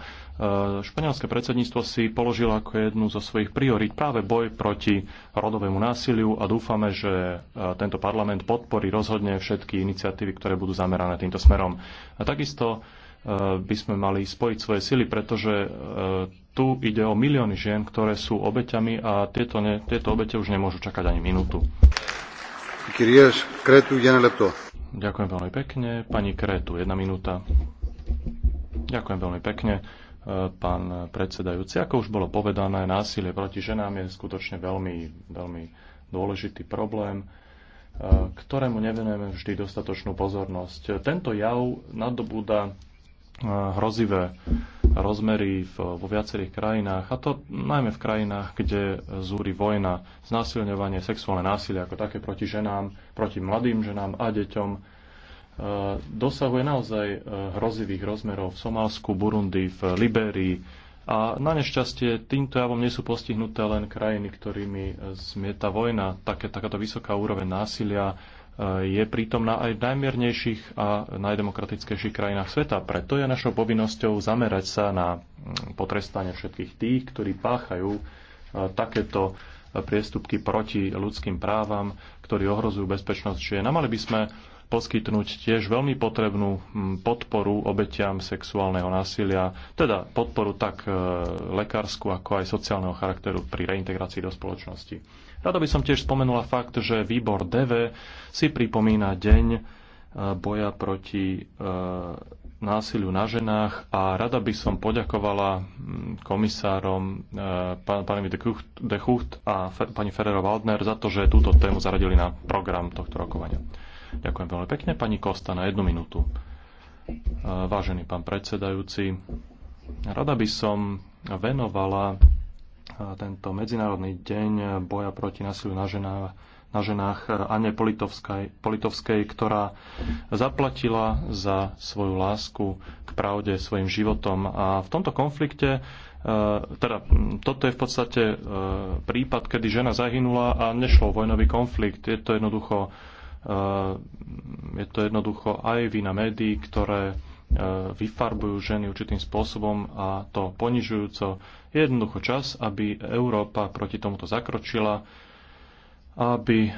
španielské predsedníctvo si položilo ako jednu zo svojich priorít práve boj proti rodovému násiliu a dúfame, že e, tento parlament podporí rozhodne všetky iniciatívy, ktoré budú zamerané týmto smerom. A takisto by sme mali spojiť svoje sily, pretože tu ide o milióny žien, ktoré sú obeťami a tieto, ne, tieto obete už nemôžu čakať ani minútu. Ďakujem veľmi pekne. Pani Kretu, jedna minúta. Ďakujem veľmi pekne, e, pán predsedajúci. Ako už bolo povedané, násilie proti ženám je skutočne veľmi, veľmi dôležitý problém e, ktorému nevenujeme vždy dostatočnú pozornosť. Tento jav nadobúda hrozivé rozmery vo viacerých krajinách, a to najmä v krajinách, kde zúri vojna, znásilňovanie, sexuálne násilie ako také proti ženám, proti mladým ženám a deťom, e, dosahuje naozaj e, hrozivých rozmerov v Somálsku, Burundi, v Liberii. A na nešťastie týmto javom nie sú postihnuté len krajiny, ktorými zmieta e, vojna. Také, takáto vysoká úroveň násilia je prítomná aj v najmiernejších a najdemokratickejších krajinách sveta. Preto je našou povinnosťou zamerať sa na mm, potrestanie všetkých tých, ktorí páchajú e, takéto priestupky proti ľudským právam, ktorí ohrozujú bezpečnosť žien. A mali by sme poskytnúť tiež veľmi potrebnú mm, podporu obetiam sexuálneho násilia, teda podporu tak e, lekárskú, ako aj sociálneho charakteru pri reintegrácii do spoločnosti. Rada by som tiež spomenula fakt, že výbor DV si pripomína deň e, boja proti e, násiliu na ženách a rada by som poďakovala mm, komisárom pán, pánovi de Chucht a pani Ferrero Waldner za to, že túto tému zaradili na program tohto rokovania. Ďakujem veľmi pekne. Pani Kosta na jednu minútu. E, vážený pán predsedajúci, rada by som venovala e, tento Medzinárodný deň boja proti násiliu na ženách, na ženách Ane Politovskej, Politovskej, ktorá zaplatila za svoju lásku k pravde svojim životom. A v tomto konflikte, e, teda toto je v podstate prípad, kedy žena zahynula a nešlo vojnový konflikt. Je to jednoducho je to jednoducho aj vina médií, ktoré e, vyfarbujú ženy určitým spôsobom a to ponižujúco. Je jednoducho čas, aby Európa proti tomuto zakročila, aby e,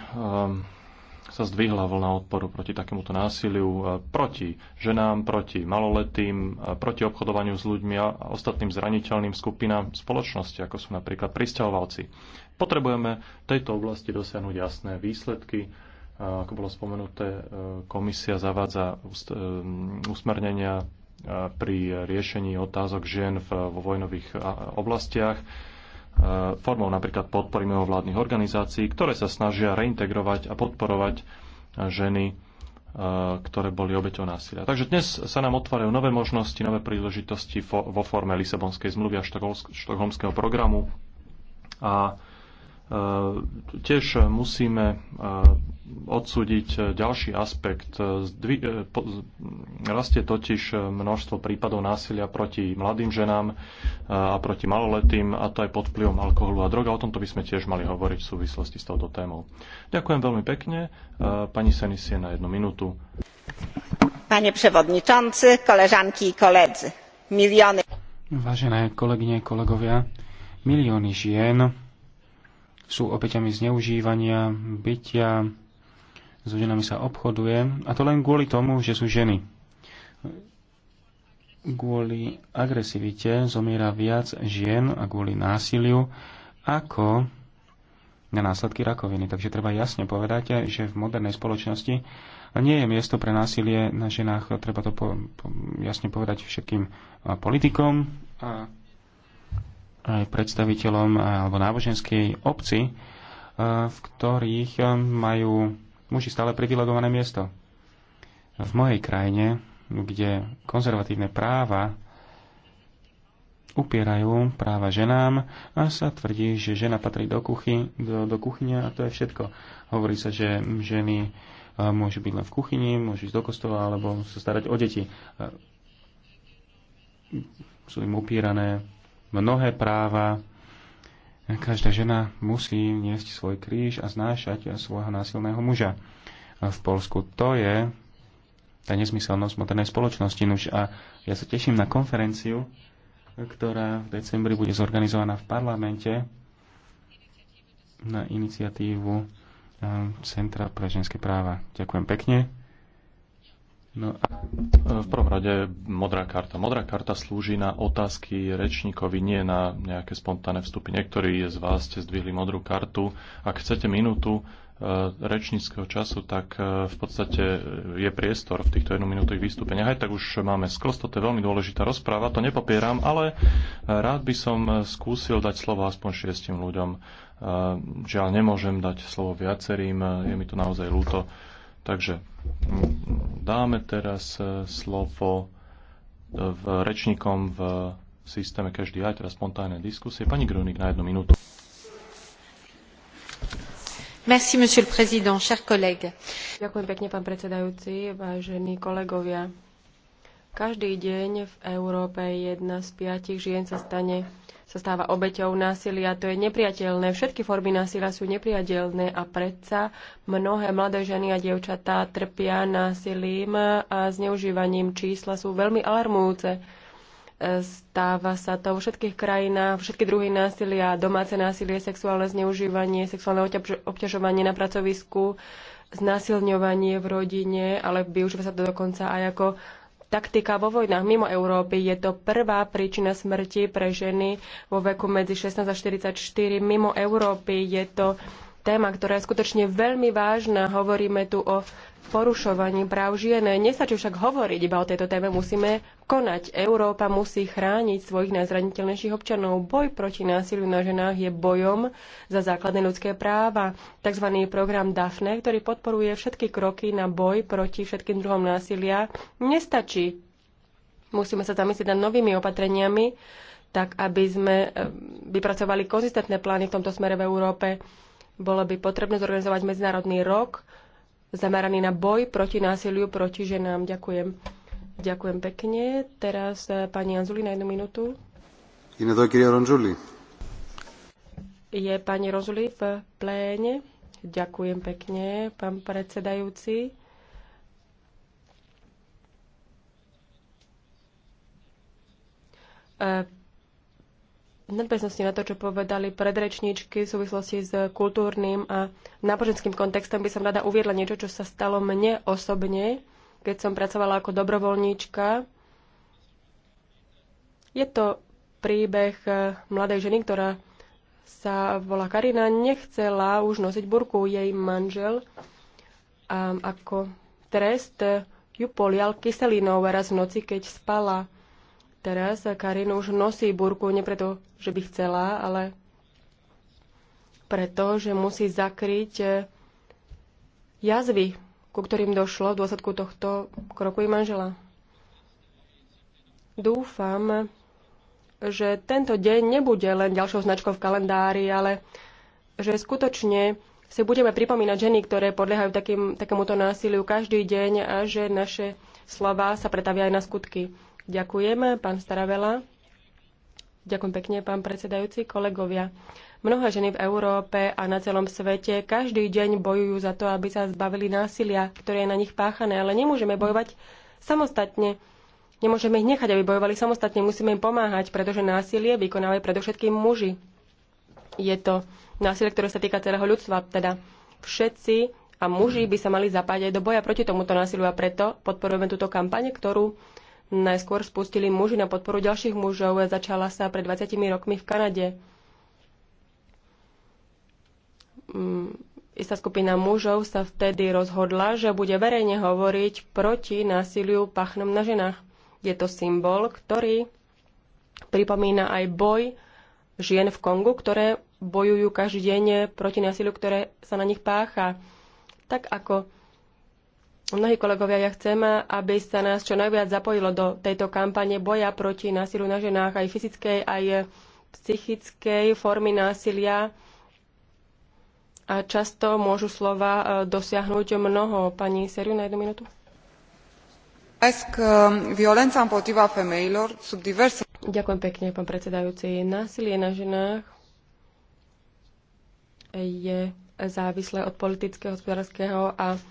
sa zdvihla vlna odporu proti takémuto násiliu, e, proti ženám, proti maloletým, proti obchodovaniu s ľuďmi a ostatným zraniteľným skupinám spoločnosti, ako sú napríklad pristahovalci. Potrebujeme v tejto oblasti dosiahnuť jasné výsledky ako bolo spomenuté, e, komisia zavádza e, usmernenia e, pri riešení otázok žien vo vojnových oblastiach formou napríklad podpory mimovládnych organizácií, ktoré sa snažia reintegrovať a podporovať ženy, ktoré boli obeťou násilia. Takže dnes sa nám otvárajú nové možnosti, nové príležitosti vo forme Lisabonskej zmluvy a štokholmského programu. A Eh, tiež musíme eh, odsúdiť ďalší aspekt. Eh, rastie totiž množstvo prípadov násilia proti mladým ženám a proti maloletým, a to aj pod vplyvom alkoholu a droga. O tomto by sme tiež mali hovoriť v súvislosti s touto témou. Ďakujem veľmi pekne. Pani Senisie na jednu minútu. Pane przewodniczący, koleżanki i koledzy, miliony... Vážené kolegyne, kolegovia, milióny žien sú obeťami zneužívania, bytia, s ženami sa obchoduje a to len kvôli tomu, že sú ženy. Kvôli agresivite zomiera viac žien a kvôli násiliu ako na následky rakoviny. Takže treba jasne povedať, že v modernej spoločnosti nie je miesto pre násilie na ženách. Treba to po, po, jasne povedať všetkým politikom a aj predstaviteľom eh, alebo náboženskej obci, eh, v ktorých eh, majú muži stále privilegované miesto. V mojej krajine, kde konzervatívne práva upierajú práva ženám a sa tvrdí, že žena patrí do, kuchy, do, do kuchyne a to je všetko. Hovorí sa, že ženy môžu byť len v kuchyni, môžu ísť do kostola alebo sa starať o deti. Sú im upírané mnohé práva. Každá žena musí niesť svoj kríž a znášať svojho násilného muža. V Polsku to je tá nezmyselnosť modernej spoločnosti. Nuž a ja sa teším na konferenciu, ktorá v decembri bude zorganizovaná v parlamente na iniciatívu eh, Centra pre ženské práva. Ďakujem pekne. No v prvom rade modrá karta. Modrá karta slúži na otázky rečníkovi, nie na nejaké spontánne vstupy. Niektorí z vás ste zdvihli modrú kartu. Ak chcete minútu e, rečníckého času, tak e, v podstate e, je priestor v týchto jednominútových vystúpeniach. Aj tak už máme skos, to je veľmi dôležitá rozpráva, to nepopieram, ale rád by som skúsil dať slovo aspoň šiestim ľuďom. Žiaľ, nemôžem dať slovo viacerým, je mi to naozaj ľúto. Takže mm, dáme teraz e, slovo e, v rečníkom v systéme každý aj, teraz spontánne diskusie. Pani Grunik na jednu minútu. Merci, monsieur le président, chers collègues. Ďakujem pekne, pán predsedajúci, vážení kolegovia. Každý deň v Európe jedna z piatich žien sa stane sa stáva obeťou násilia. To je nepriateľné. Všetky formy násilia sú nepriateľné a predsa mnohé mladé ženy a dievčatá trpia násilím a zneužívaním. Čísla sú veľmi alarmujúce. Stáva sa to vo všetkých krajinách, všetky druhy násilia, domáce násilie, sexuálne zneužívanie, sexuálne obťažovanie na pracovisku, znásilňovanie v rodine, ale využíva sa to dokonca aj ako taktika vo vojnách mimo Európy. Je to prvá príčina smrti pre ženy vo veku medzi 16 a 44 mimo Európy. Je to téma, ktorá je skutočne veľmi vážna. Hovoríme tu o porušovaní práv žien. Nestačí však hovoriť iba o tejto téme, musíme konať. Európa musí chrániť svojich najzraniteľnejších občanov. Boj proti násiliu na ženách je bojom za základné ľudské práva. Takzvaný program DAFNE, ktorý podporuje všetky kroky na boj proti všetkým druhom násilia, nestačí. Musíme sa zamyslieť nad novými opatreniami, tak aby sme eh, vypracovali konzistentné plány v tomto smere v Európe. Bolo by potrebné zorganizovať medzinárodný rok zameraný na boj proti násiliu proti ženám. Ďakujem. Ďakujem pekne. Teraz eh, pani Anzuli na jednu minútu. Είναι to κυρία Ροντζούλη. Je pani Rozuli v pléne. Ďakujem pekne, pán predsedajúci. Eh, nadväznosti na to, čo povedali predrečníčky v súvislosti s kultúrnym a náboženským kontextom, by som rada uviedla niečo, čo sa stalo mne osobne, keď som pracovala ako dobrovoľníčka. Je to príbeh eh, mladej ženy, ktorá sa volá Karina, nechcela už nosiť burku. Jej manžel a ako trest eh, ju polial kyselinou raz v noci, keď spala Teraz Karin už nosí burku, nie preto, že by chcela, ale preto, že musí zakryť eh, jazvy, ku ktorým došlo v dôsledku tohto kroku i manžela. Dúfam, že tento deň nebude len ďalšou značkou v kalendári, ale že skutočne si budeme pripomínať ženy, ktoré podliehajú takým, takémuto násiliu každý deň a že naše slova sa pretavia aj na skutky. Ďakujem, pán Staravela. Ďakujem pekne, pán predsedajúci, kolegovia. Mnohé ženy v Európe a na celom svete každý deň bojujú za to, aby sa zbavili násilia, ktoré je na nich páchané, ale nemôžeme bojovať samostatne. Nemôžeme ich nechať, aby bojovali samostatne, musíme im pomáhať, pretože násilie vykonávajú predovšetkým muži. Je to násilie, ktoré sa týka celého ľudstva, teda všetci a muži by sa mali zapájať do boja proti tomuto násiliu a preto podporujeme túto kampaň, ktorú najskôr spustili muži na podporu ďalších mužov. a Začala sa pred 20 rokmi v Kanade. Mm, istá skupina mužov sa vtedy rozhodla, že bude verejne hovoriť proti násiliu pachnom na ženách. Je to symbol, ktorý pripomína aj boj žien v Kongu, ktoré bojujú každý deň proti násiliu, ktoré sa na nich pácha. Tak ako Mnohí kolegovia, ja chcem, aby sa nás čo najviac zapojilo do tejto kampane boja proti násilu na ženách, aj fyzickej, aj psychickej formy násilia. A často môžu slova e, dosiahnuť mnoho. Pani Seriu, na jednu minútu. E, Ďakujem pekne, pán predsedajúci. Násilie na ženách je závislé od politického, hospodárskeho a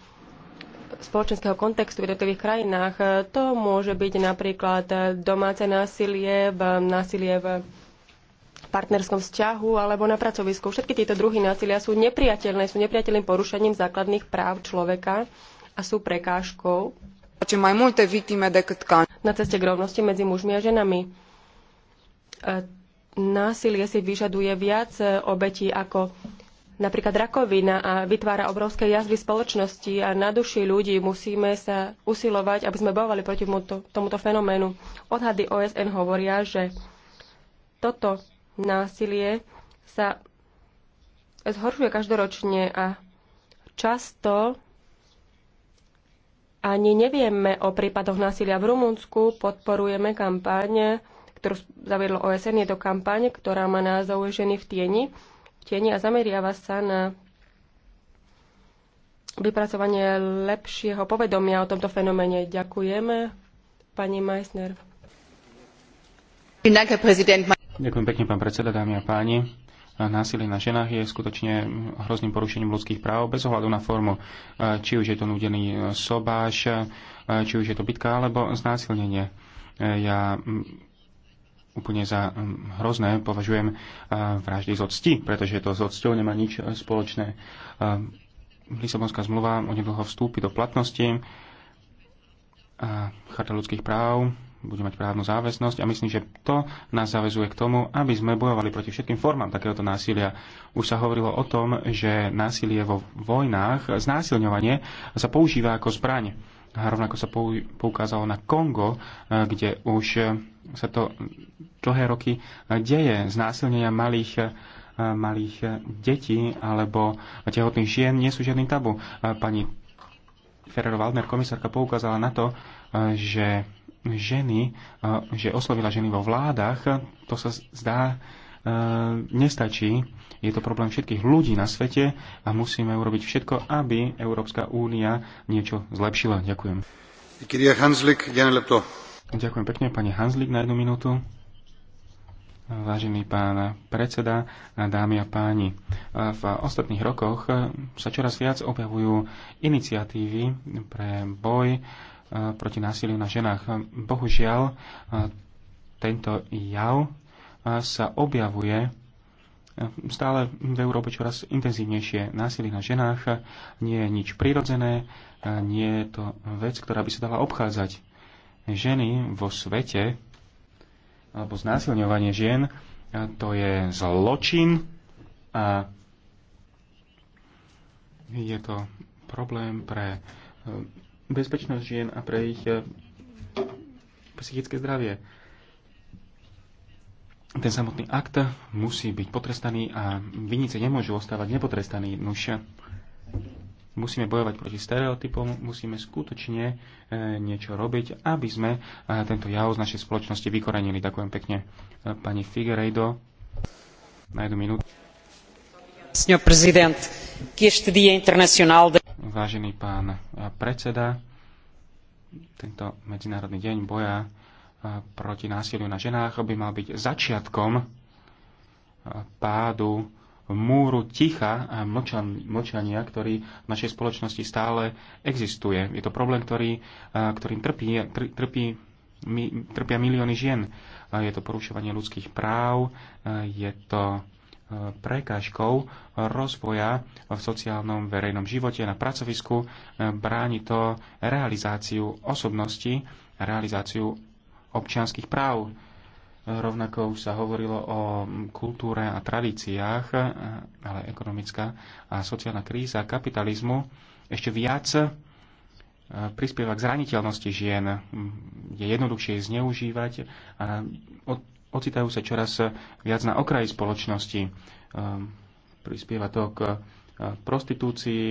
spoločenského kontextu v jednotlivých krajinách. E, to môže byť napríklad e, domáce násilie, násilie v partnerskom vzťahu alebo na pracovisku. Všetky tieto druhy násilia sú nepriateľné, sú nepriateľným porušením základných práv človeka a sú prekážkou na ceste k rovnosti medzi mužmi a ženami. E, násilie si vyžaduje viac obetí ako napríklad rakovina a vytvára obrovské jazvy spoločnosti a na duši ľudí. Musíme sa usilovať, aby sme bojovali proti tomuto, fenoménu. Odhady OSN hovoria, že toto násilie sa zhoršuje každoročne a často ani nevieme o prípadoch násilia v Rumunsku. Podporujeme kampáň, ktorú zaviedlo OSN. Je to kampaň, ktorá má názov Ženy v tieni tieni a zameriava sa na vypracovanie lepšieho povedomia o tomto fenoméne. Ďakujeme, pani Meissner. Ďakujem pekne, pán predseda, dámy a páni. Násilie na ženách je skutočne hrozným porušením ľudských práv bez ohľadu na formu. Či už je to nudený sobáš, či už je to bitka alebo znásilnenie. Ja úplne za mm, hrozné považujem vraždy z octi, pretože to s ocťou nemá nič e, spoločné. Lisabonská zmluva onedlho vstúpi do platnosti a Charta ľudských práv bude mať právnu záväznosť a myslím, že to nás zavezuje k tomu, aby sme bojovali proti všetkým formám takéhoto násilia. Už sa hovorilo o tom, že násilie vo vojnách, znásilňovanie sa používa ako zbraň a rovnako sa poukázalo na Kongo, e, kde už sa to dlhé roky e, deje. Znásilnenia malých e, malých detí alebo tehotných žien nie sú žiadny tabu. Pani Ferrero-Waldner, komisárka, poukázala na to, že ženy, že oslovila ženy vo vládach, to sa zdá E, nestačí. Je to problém všetkých ľudí na svete a musíme urobiť všetko, aby Európska únia niečo zlepšila. Ďakujem. Ďakujem pekne, pani Hanzlik, na jednu minútu. Vážený pán predseda, dámy a páni, v ostatných rokoch sa čoraz viac objavujú iniciatívy pre boj e, proti násiliu na ženách. Bohužiaľ, e, tento jav sa objavuje stále v Európe čoraz intenzívnejšie násilie na ženách. Nie je nič prirodzené, nie je to vec, ktorá by sa dala obchádzať. Ženy vo svete, alebo znásilňovanie žien, to je zločin a je to problém pre e, bezpečnosť žien a pre ich e, psychické zdravie ten samotný akt musí byť potrestaný a vinice nemôžu ostávať nepotrestaný. Nuž, musíme bojovať proti stereotypom, musíme skutočne e, niečo robiť, aby sme e, tento jav z našej spoločnosti vykorenili. Ďakujem pekne e, pani Figueiredo. Na jednu minútu. Vážený pán predseda, tento medzinárodný deň boja proti násiliu na ženách by mal byť začiatkom pádu múru ticha a mlčania, ktorý v našej spoločnosti stále existuje. Je to problém, ktorý, ktorým trpí, trpí, my, trpia milióny žien. Je to porušovanie ľudských práv, je to prekážkou rozvoja v sociálnom verejnom živote na pracovisku. Bráni to realizáciu osobnosti, realizáciu občianských práv. Rovnako už sa hovorilo o kultúre a tradíciách, ale ekonomická a sociálna kríza kapitalizmu ešte viac e, prispieva k zraniteľnosti žien. Je jednoduchšie zneužívať a ocitajú sa čoraz viac na okraji spoločnosti. E, prispieva to k e, prostitúcii,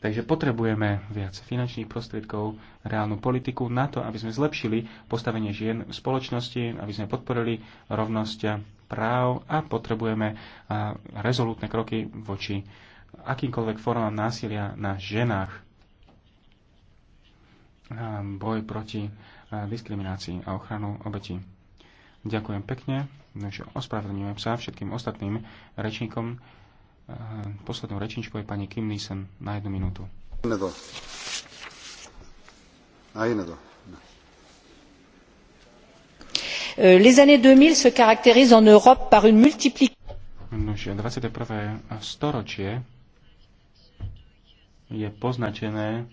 Takže potrebujeme viac finančných prostriedkov, reálnu politiku na to, aby sme zlepšili postavenie žien v spoločnosti, aby sme podporili rovnosť práv a potrebujeme rezolútne kroky voči akýmkoľvek formám násilia na ženách. Boj proti diskriminácii a ochranu obetí. Ďakujem pekne. No ospravedlňujem sa všetkým ostatným rečníkom. Poslednou rečničkou je pani Kim Nissen na jednu minútu. Euh, les années 2000 se caractérisent en Europe par une multiplication. 21. storočie je poznačené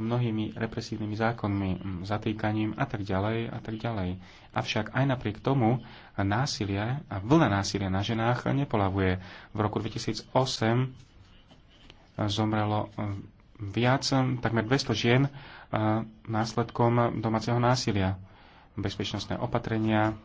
mnohými represívnymi zákonmi, zatýkaním a tak ďalej a tak ďalej. Avšak aj napriek tomu násilie a vlna násilia na ženách nepolavuje. V roku 2008 e, zomrelo e, viac, e, takmer 200 žien následkom domáceho násilia. Bezpečnostné opatrenia,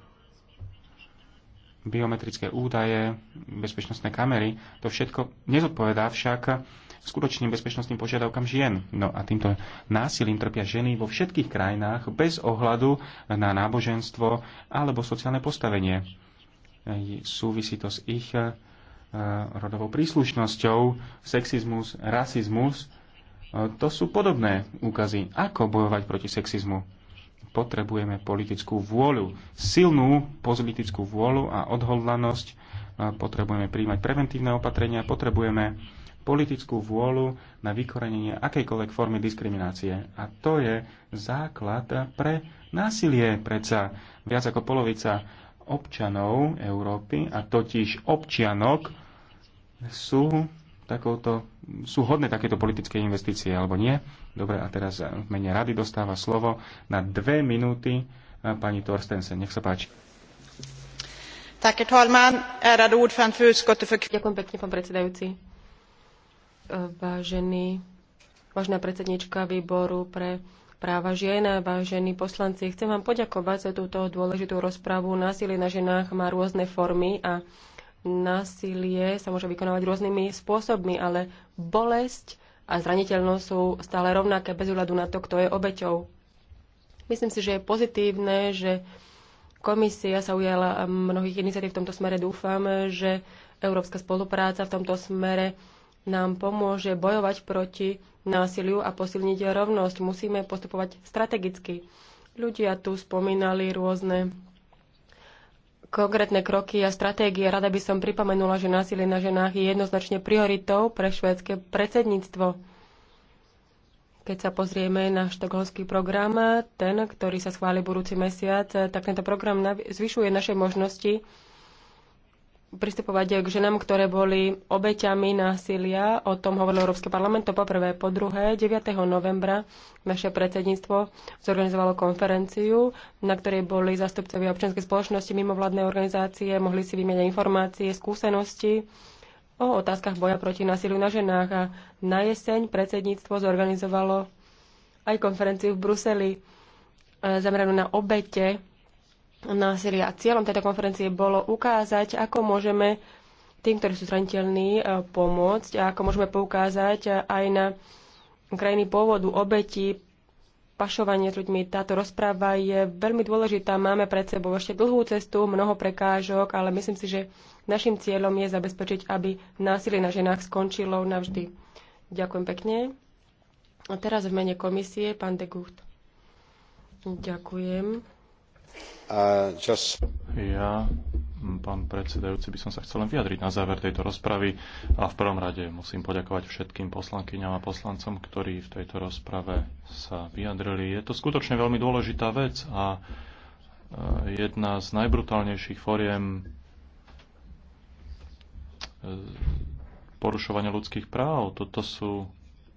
biometrické údaje, bezpečnostné kamery, to všetko nezodpovedá však skutočným bezpečnostným požiadavkám žien. No a týmto násilím trpia ženy vo všetkých krajinách bez ohľadu na náboženstvo alebo sociálne postavenie. Súvisí to s ich e, rodovou príslušnosťou, sexizmus, rasizmus. E, to sú podobné úkazy, ako bojovať proti sexizmu potrebujeme politickú vôľu, silnú politickú vôľu a odhodlanosť, potrebujeme príjmať preventívne opatrenia, potrebujeme politickú vôľu na vykorenenie akejkoľvek formy diskriminácie. A to je základ pre násilie. Predsa viac ako polovica občanov Európy, a totiž občianok, sú, takouto, sú hodné takéto politické investície, alebo nie? Dobre, a teraz v mene rady dostáva slovo na dve minúty eh, pani Torstensen. Nech sa páči. Ďakujem pekne, pán predsedajúci. Eh, vážený, vážená predsednička výboru pre práva žien, vážení poslanci. Chcem vám poďakovať za túto dôležitú rozpravu. Násilie na ženách má rôzne formy a násilie sa môže vykonávať rôznymi spôsobmi, ale bolesť a zraniteľnosť sú stále rovnaké bez ohľadu na to, kto je obeťou. Myslím si, že je pozitívne, že komisia sa ujala mnohých iniciatív v tomto smere. Dúfam, že európska spolupráca v tomto smere nám pomôže bojovať proti násiliu a posilniť rovnosť. Musíme postupovať strategicky. Ľudia tu spomínali rôzne konkrétne kroky a stratégie. Rada by som pripomenula, že násilie na ženách je jednoznačne prioritou pre švédske predsedníctvo. Keď sa pozrieme na štokholský program, ten, ktorý sa schváli budúci mesiac, tak tento program zvyšuje naše možnosti pristupovať k ženám, ktoré boli obeťami násilia. O tom hovoril Európsky parlament, to poprvé. Po druhé, 9. novembra naše predsedníctvo zorganizovalo konferenciu, na ktorej boli zastupcovia občianskej spoločnosti, mimovládne organizácie, mohli si vymeniať informácie, skúsenosti o otázkach boja proti násiliu na ženách. A na jeseň predsedníctvo zorganizovalo aj konferenciu v Bruseli e, zameranú na obete násilia. Cieľom tejto konferencie bolo ukázať, ako môžeme tým, ktorí sú zraniteľní, e, pomôcť a ako môžeme poukázať e, aj na krajiny pôvodu, obeti, pašovanie s ľuďmi. Táto rozpráva je veľmi dôležitá. Máme pred sebou ešte dlhú cestu, mnoho prekážok, ale myslím si, že našim cieľom je zabezpečiť, aby násilie na ženách skončilo navždy. Ďakujem pekne. A teraz v mene komisie pán de Gucht. Ďakujem. Ja, pán predsedajúci, by som sa chcel len vyjadriť na záver tejto rozpravy a v prvom rade musím poďakovať všetkým poslankyňam a poslancom, ktorí v tejto rozprave sa vyjadrili. Je to skutočne veľmi dôležitá vec a e, jedna z najbrutálnejších foriem e, porušovania ľudských práv. Toto sú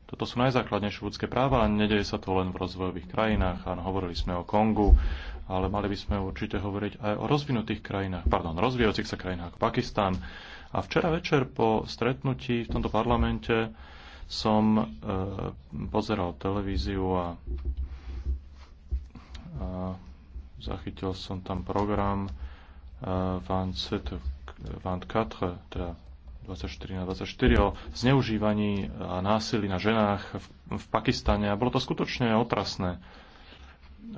toto sú najzákladnejšie ľudské práva a nedeje sa to len v rozvojových krajinách. Áno, hovorili sme o Kongu, ale mali by sme určite hovoriť aj o rozvinutých krajinách, pardon, rozvíjajúcich sa krajinách, Pakistán. A včera večer po stretnutí v tomto parlamente som e, pozeral televíziu a, a zachytil som tam program e, 24, teda 24 na 24 o zneužívaní a násilí na ženách v, v Pakistane a bolo to skutočne otrasné.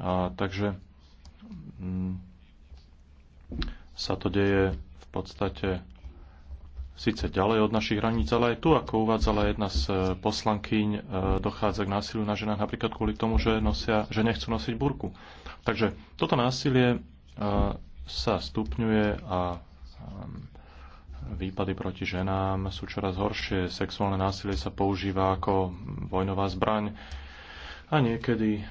A, takže Mm. sa to deje v podstate síce ďalej od našich hraníc, ale aj tu, ako uvádzala jedna z e, poslankyň, e, dochádza k násiliu na ženách napríklad kvôli tomu, že, nosia, že nechcú nosiť burku. Takže toto násilie e, sa stupňuje a výpady proti ženám sú čoraz horšie. Sexuálne násilie sa používa ako vojnová zbraň a niekedy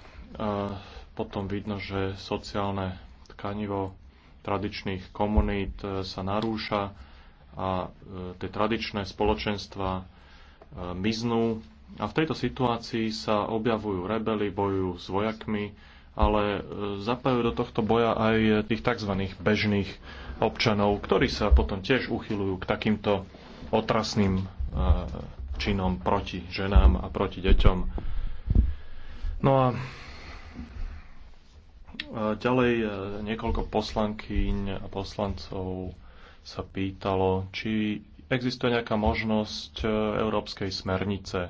potom vidno, že sociálne tkanivo tradičných komunít e, sa narúša a e, tie tradičné spoločenstva e, miznú. A v tejto situácii sa objavujú rebeli, bojujú s vojakmi, ale zapájajú do tohto boja aj tých tzv. bežných občanov, ktorí sa potom tiež uchylujú k takýmto otrasným činom proti ženám a proti deťom. No a Ďalej e, niekoľko poslankyň a poslancov sa pýtalo, či existuje nejaká možnosť e, európskej smernice.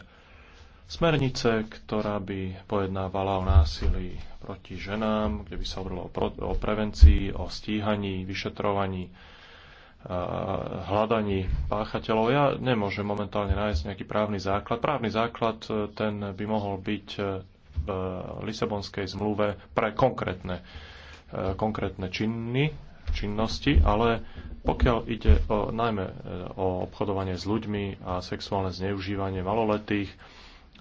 Smernice, ktorá by pojednávala o násilí proti ženám, kde by sa hovorilo o prevencii, o stíhaní, vyšetrovaní, e, hľadaní páchateľov. Ja nemôžem momentálne nájsť nejaký právny základ. Právny základ ten by mohol byť v eh, Lisabonskej zmluve pre konkrétne, eh, konkrétne činy, činnosti, ale pokiaľ ide o, najmä eh, o obchodovanie s ľuďmi a sexuálne zneužívanie maloletých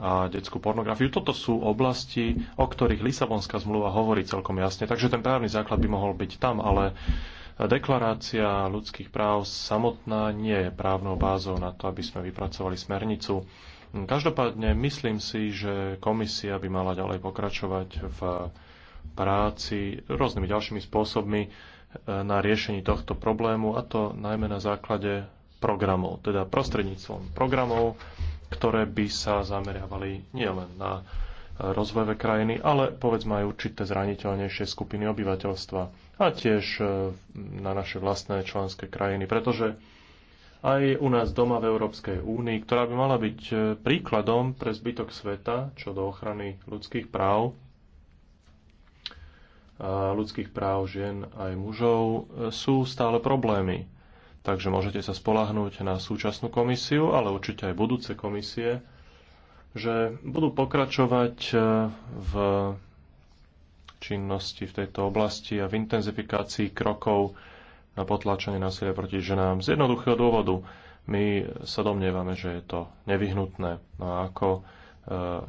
a detskú pornografiu, toto sú oblasti, o ktorých Lisabonská zmluva hovorí celkom jasne, takže ten právny základ by mohol byť tam, ale deklarácia ľudských práv samotná nie je právnou bázou na to, aby sme vypracovali smernicu Každopádne myslím si, že komisia by mala ďalej pokračovať v práci rôznymi ďalšími spôsobmi eh, na riešení tohto problému, a to najmä na základe programov, teda prostredníctvom programov, ktoré by sa zameriavali nielen na rozvojové krajiny, ale povedzme aj určité zraniteľnejšie skupiny obyvateľstva a tiež eh, na naše vlastné členské krajiny, pretože aj u nás doma v Európskej únii, ktorá by mala byť e, príkladom pre zbytok sveta čo do ochrany ľudských práv, a ľudských práv žien aj mužov, e, sú stále problémy. Takže môžete sa spolahnúť na súčasnú komisiu, ale určite aj budúce komisie, že budú pokračovať e, v činnosti v tejto oblasti a v intenzifikácii krokov na potlačenie násilia proti ženám z jednoduchého dôvodu. My sa domnievame, že je to nevyhnutné. No a ako e,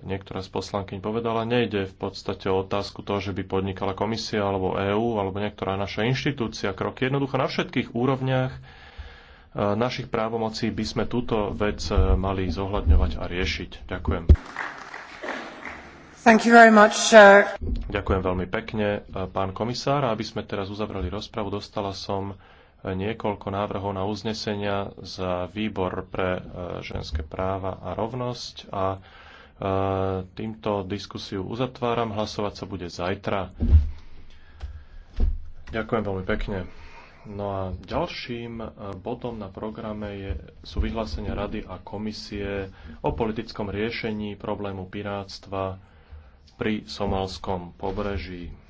niektorá z poslankyň povedala, nejde v podstate o otázku toho, že by podnikala komisia alebo EÚ alebo niektorá naša inštitúcia. Kroky jednoducho na všetkých úrovniach e, našich právomocí by sme túto vec e, mali zohľadňovať a riešiť. Ďakujem. Ďakujem veľmi pekne, eh, pán komisár. Aby sme teraz uzavreli rozpravu, dostala som eh, niekoľko návrhov na uznesenia za výbor pre eh, ženské práva a rovnosť a týmto diskusiu uzatváram. Hlasovať sa bude zajtra. Ďakujem veľmi pekne. No a ďalším bodom na programe je, sú vyhlásenia Rady a komisie o politickom riešení problému piráctva pri somalskom pobreží.